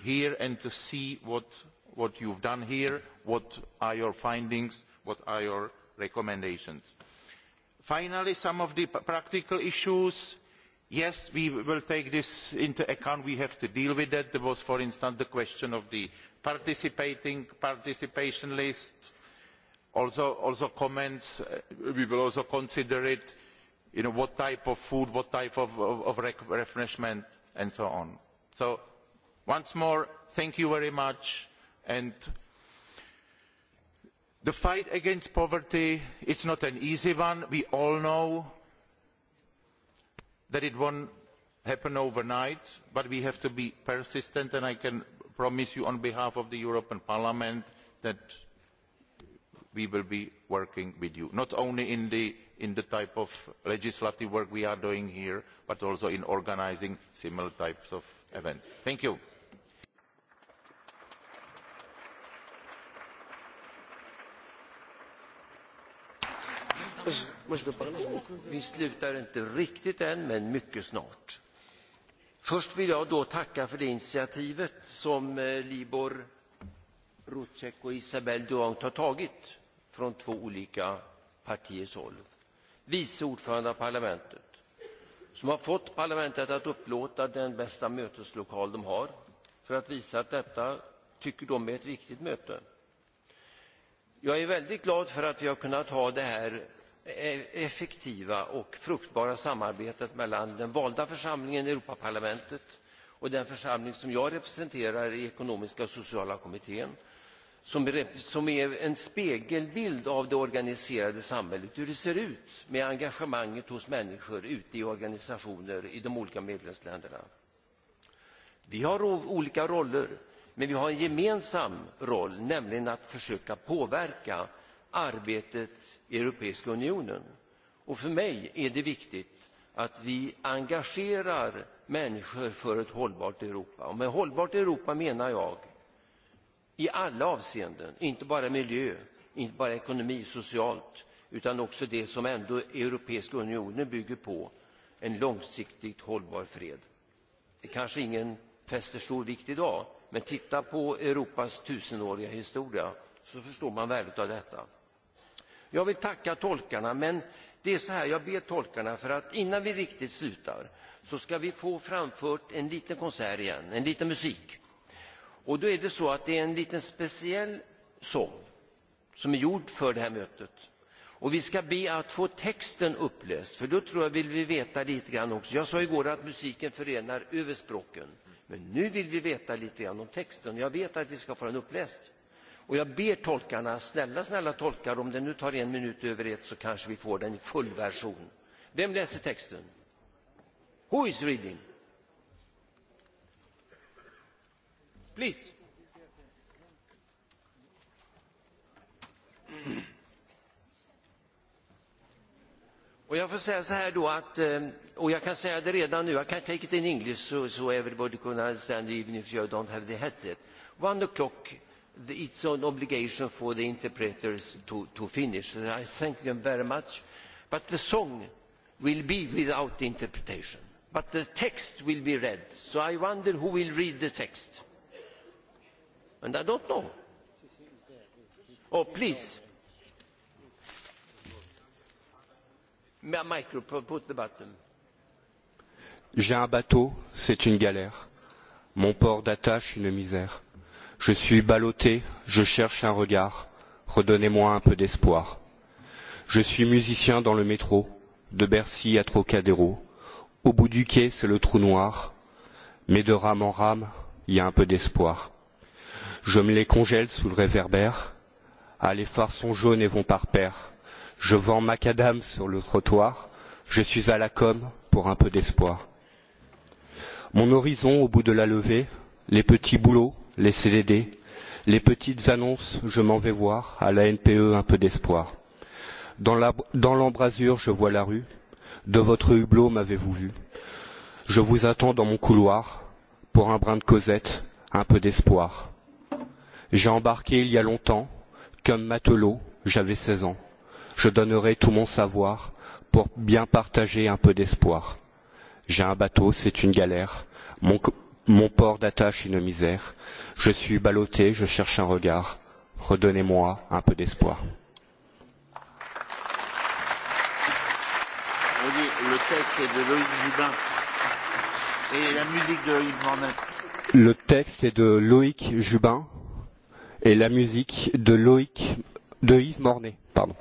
hear and to see what, what you've done here, what are your findings, what are your recommendations. Finally, some of the practical issues yes we will take this into account we have to deal with that there was for instance the question of the participating participation list also, also comments uh, we will also consider it you know what type of food what type of, of, of refreshment and so on so once more thank you very much and the fight against poverty is not an easy one we all know that it won't happen overnight, but we have to be persistent, and I can promise you on behalf of the European Parliament that we will be working with you, not only in the, in the type of legislative work we are doing here, but also in organising similar types of events. Thank you. Vi slutar inte riktigt än, men mycket snart. Först vill jag då tacka för det initiativet som eh, Libor Rutschek och Isabel Duong har tagit från två olika partiers håll. Vice ordförande av parlamentet, som har fått parlamentet att upplåta den bästa möteslokal de har för att visa att detta tycker de är ett viktigt möte. Jag är väldigt glad för att vi har kunnat ha det här Eh, effektiva och fruktbara samarbetet mellan den valda församlingen i Europaparlamentet och den församling som jag representerar i ekonomiska och sociala kommittén som är en spegelbild av det organiserade samhället, hur det ser ut med engagemanget hos människor ute i organisationer i de olika medlemsländerna. Vi har olika roller, men vi har en gemensam roll, nämligen att försöka påverka arbetet i Europeiska unionen. Och för mig är det viktigt att vi engagerar människor för ett hållbart Europa. Och med hållbart Europa menar jag i alla avseenden, inte bara miljö, inte bara ekonomi, socialt, utan också det som ändå Europeiska unionen bygger på, en långsiktigt hållbar fred. Det kanske ingen fäster stor vikt idag, men titta på Europas tusenåriga historia så förstår man värdet av detta. Jag vill tacka tolkarna, men det är så här, jag ber tolkarna för att innan vi riktigt slutar så ska vi få framfört en liten konsert igen, en liten musik. Och då är det så att det är en liten speciell sång som är gjord för det här mötet. Och vi ska be att få texten uppläst, för då tror jag vill vi veta lite grann också. Jag sa igår att musiken förenar över språken, men nu vill vi veta lite grann om texten. Jag vet att vi ska få den uppläst. Och jag ber tolkarna, snälla, snälla tolkar, om det nu tar en minut över ett så kanske vi får den i full version. Vem läser texten? Who is reading? Please. Och jag får säga så här då att, ehm, och jag kan säga det redan nu, I can take it in English so, so everybody can understand even if you don't have the headset. One o'clock it's an obligation for the interpreters to, to finish. And I thank them very much. But the song will be without interpretation. But the text will be read. So I wonder who will read the text. And I don't know. Oh, please. Micro, put the button. J'ai un bateau, c'est une galère. Mon port d'attache, une misère. Je suis ballotté, je cherche un regard, redonnez-moi un peu d'espoir. Je suis musicien dans le métro, de Bercy à Trocadéro. Au bout du quai, c'est le trou noir, mais de rame en rame, il y a un peu d'espoir. Je me les congèle sous le réverbère, ah, les phares sont jaunes et vont par paire. Je vends macadam sur le trottoir, je suis à la com pour un peu d'espoir. Mon horizon au bout de la levée, les petits boulots, les CDD, les petites annonces je m'en vais voir, à la NPE un peu d'espoir. Dans l'embrasure je vois la rue, de votre hublot m'avez-vous vu. Je vous attends dans mon couloir, pour un brin de Cosette, un peu d'espoir. J'ai embarqué il y a longtemps, comme matelot, j'avais 16 ans. Je donnerai tout mon savoir pour bien partager un peu d'espoir. J'ai un bateau, c'est une galère. Mon, Mon port d'attache une misère. Je suis ballotté, je cherche un regard. Redonnez-moi un peu d'espoir. Le texte est de Loïc Jubin et la musique de Yves Mornet. Le texte est de Loïc Jubin et la musique de Loïc de Yves Mornet, pardon.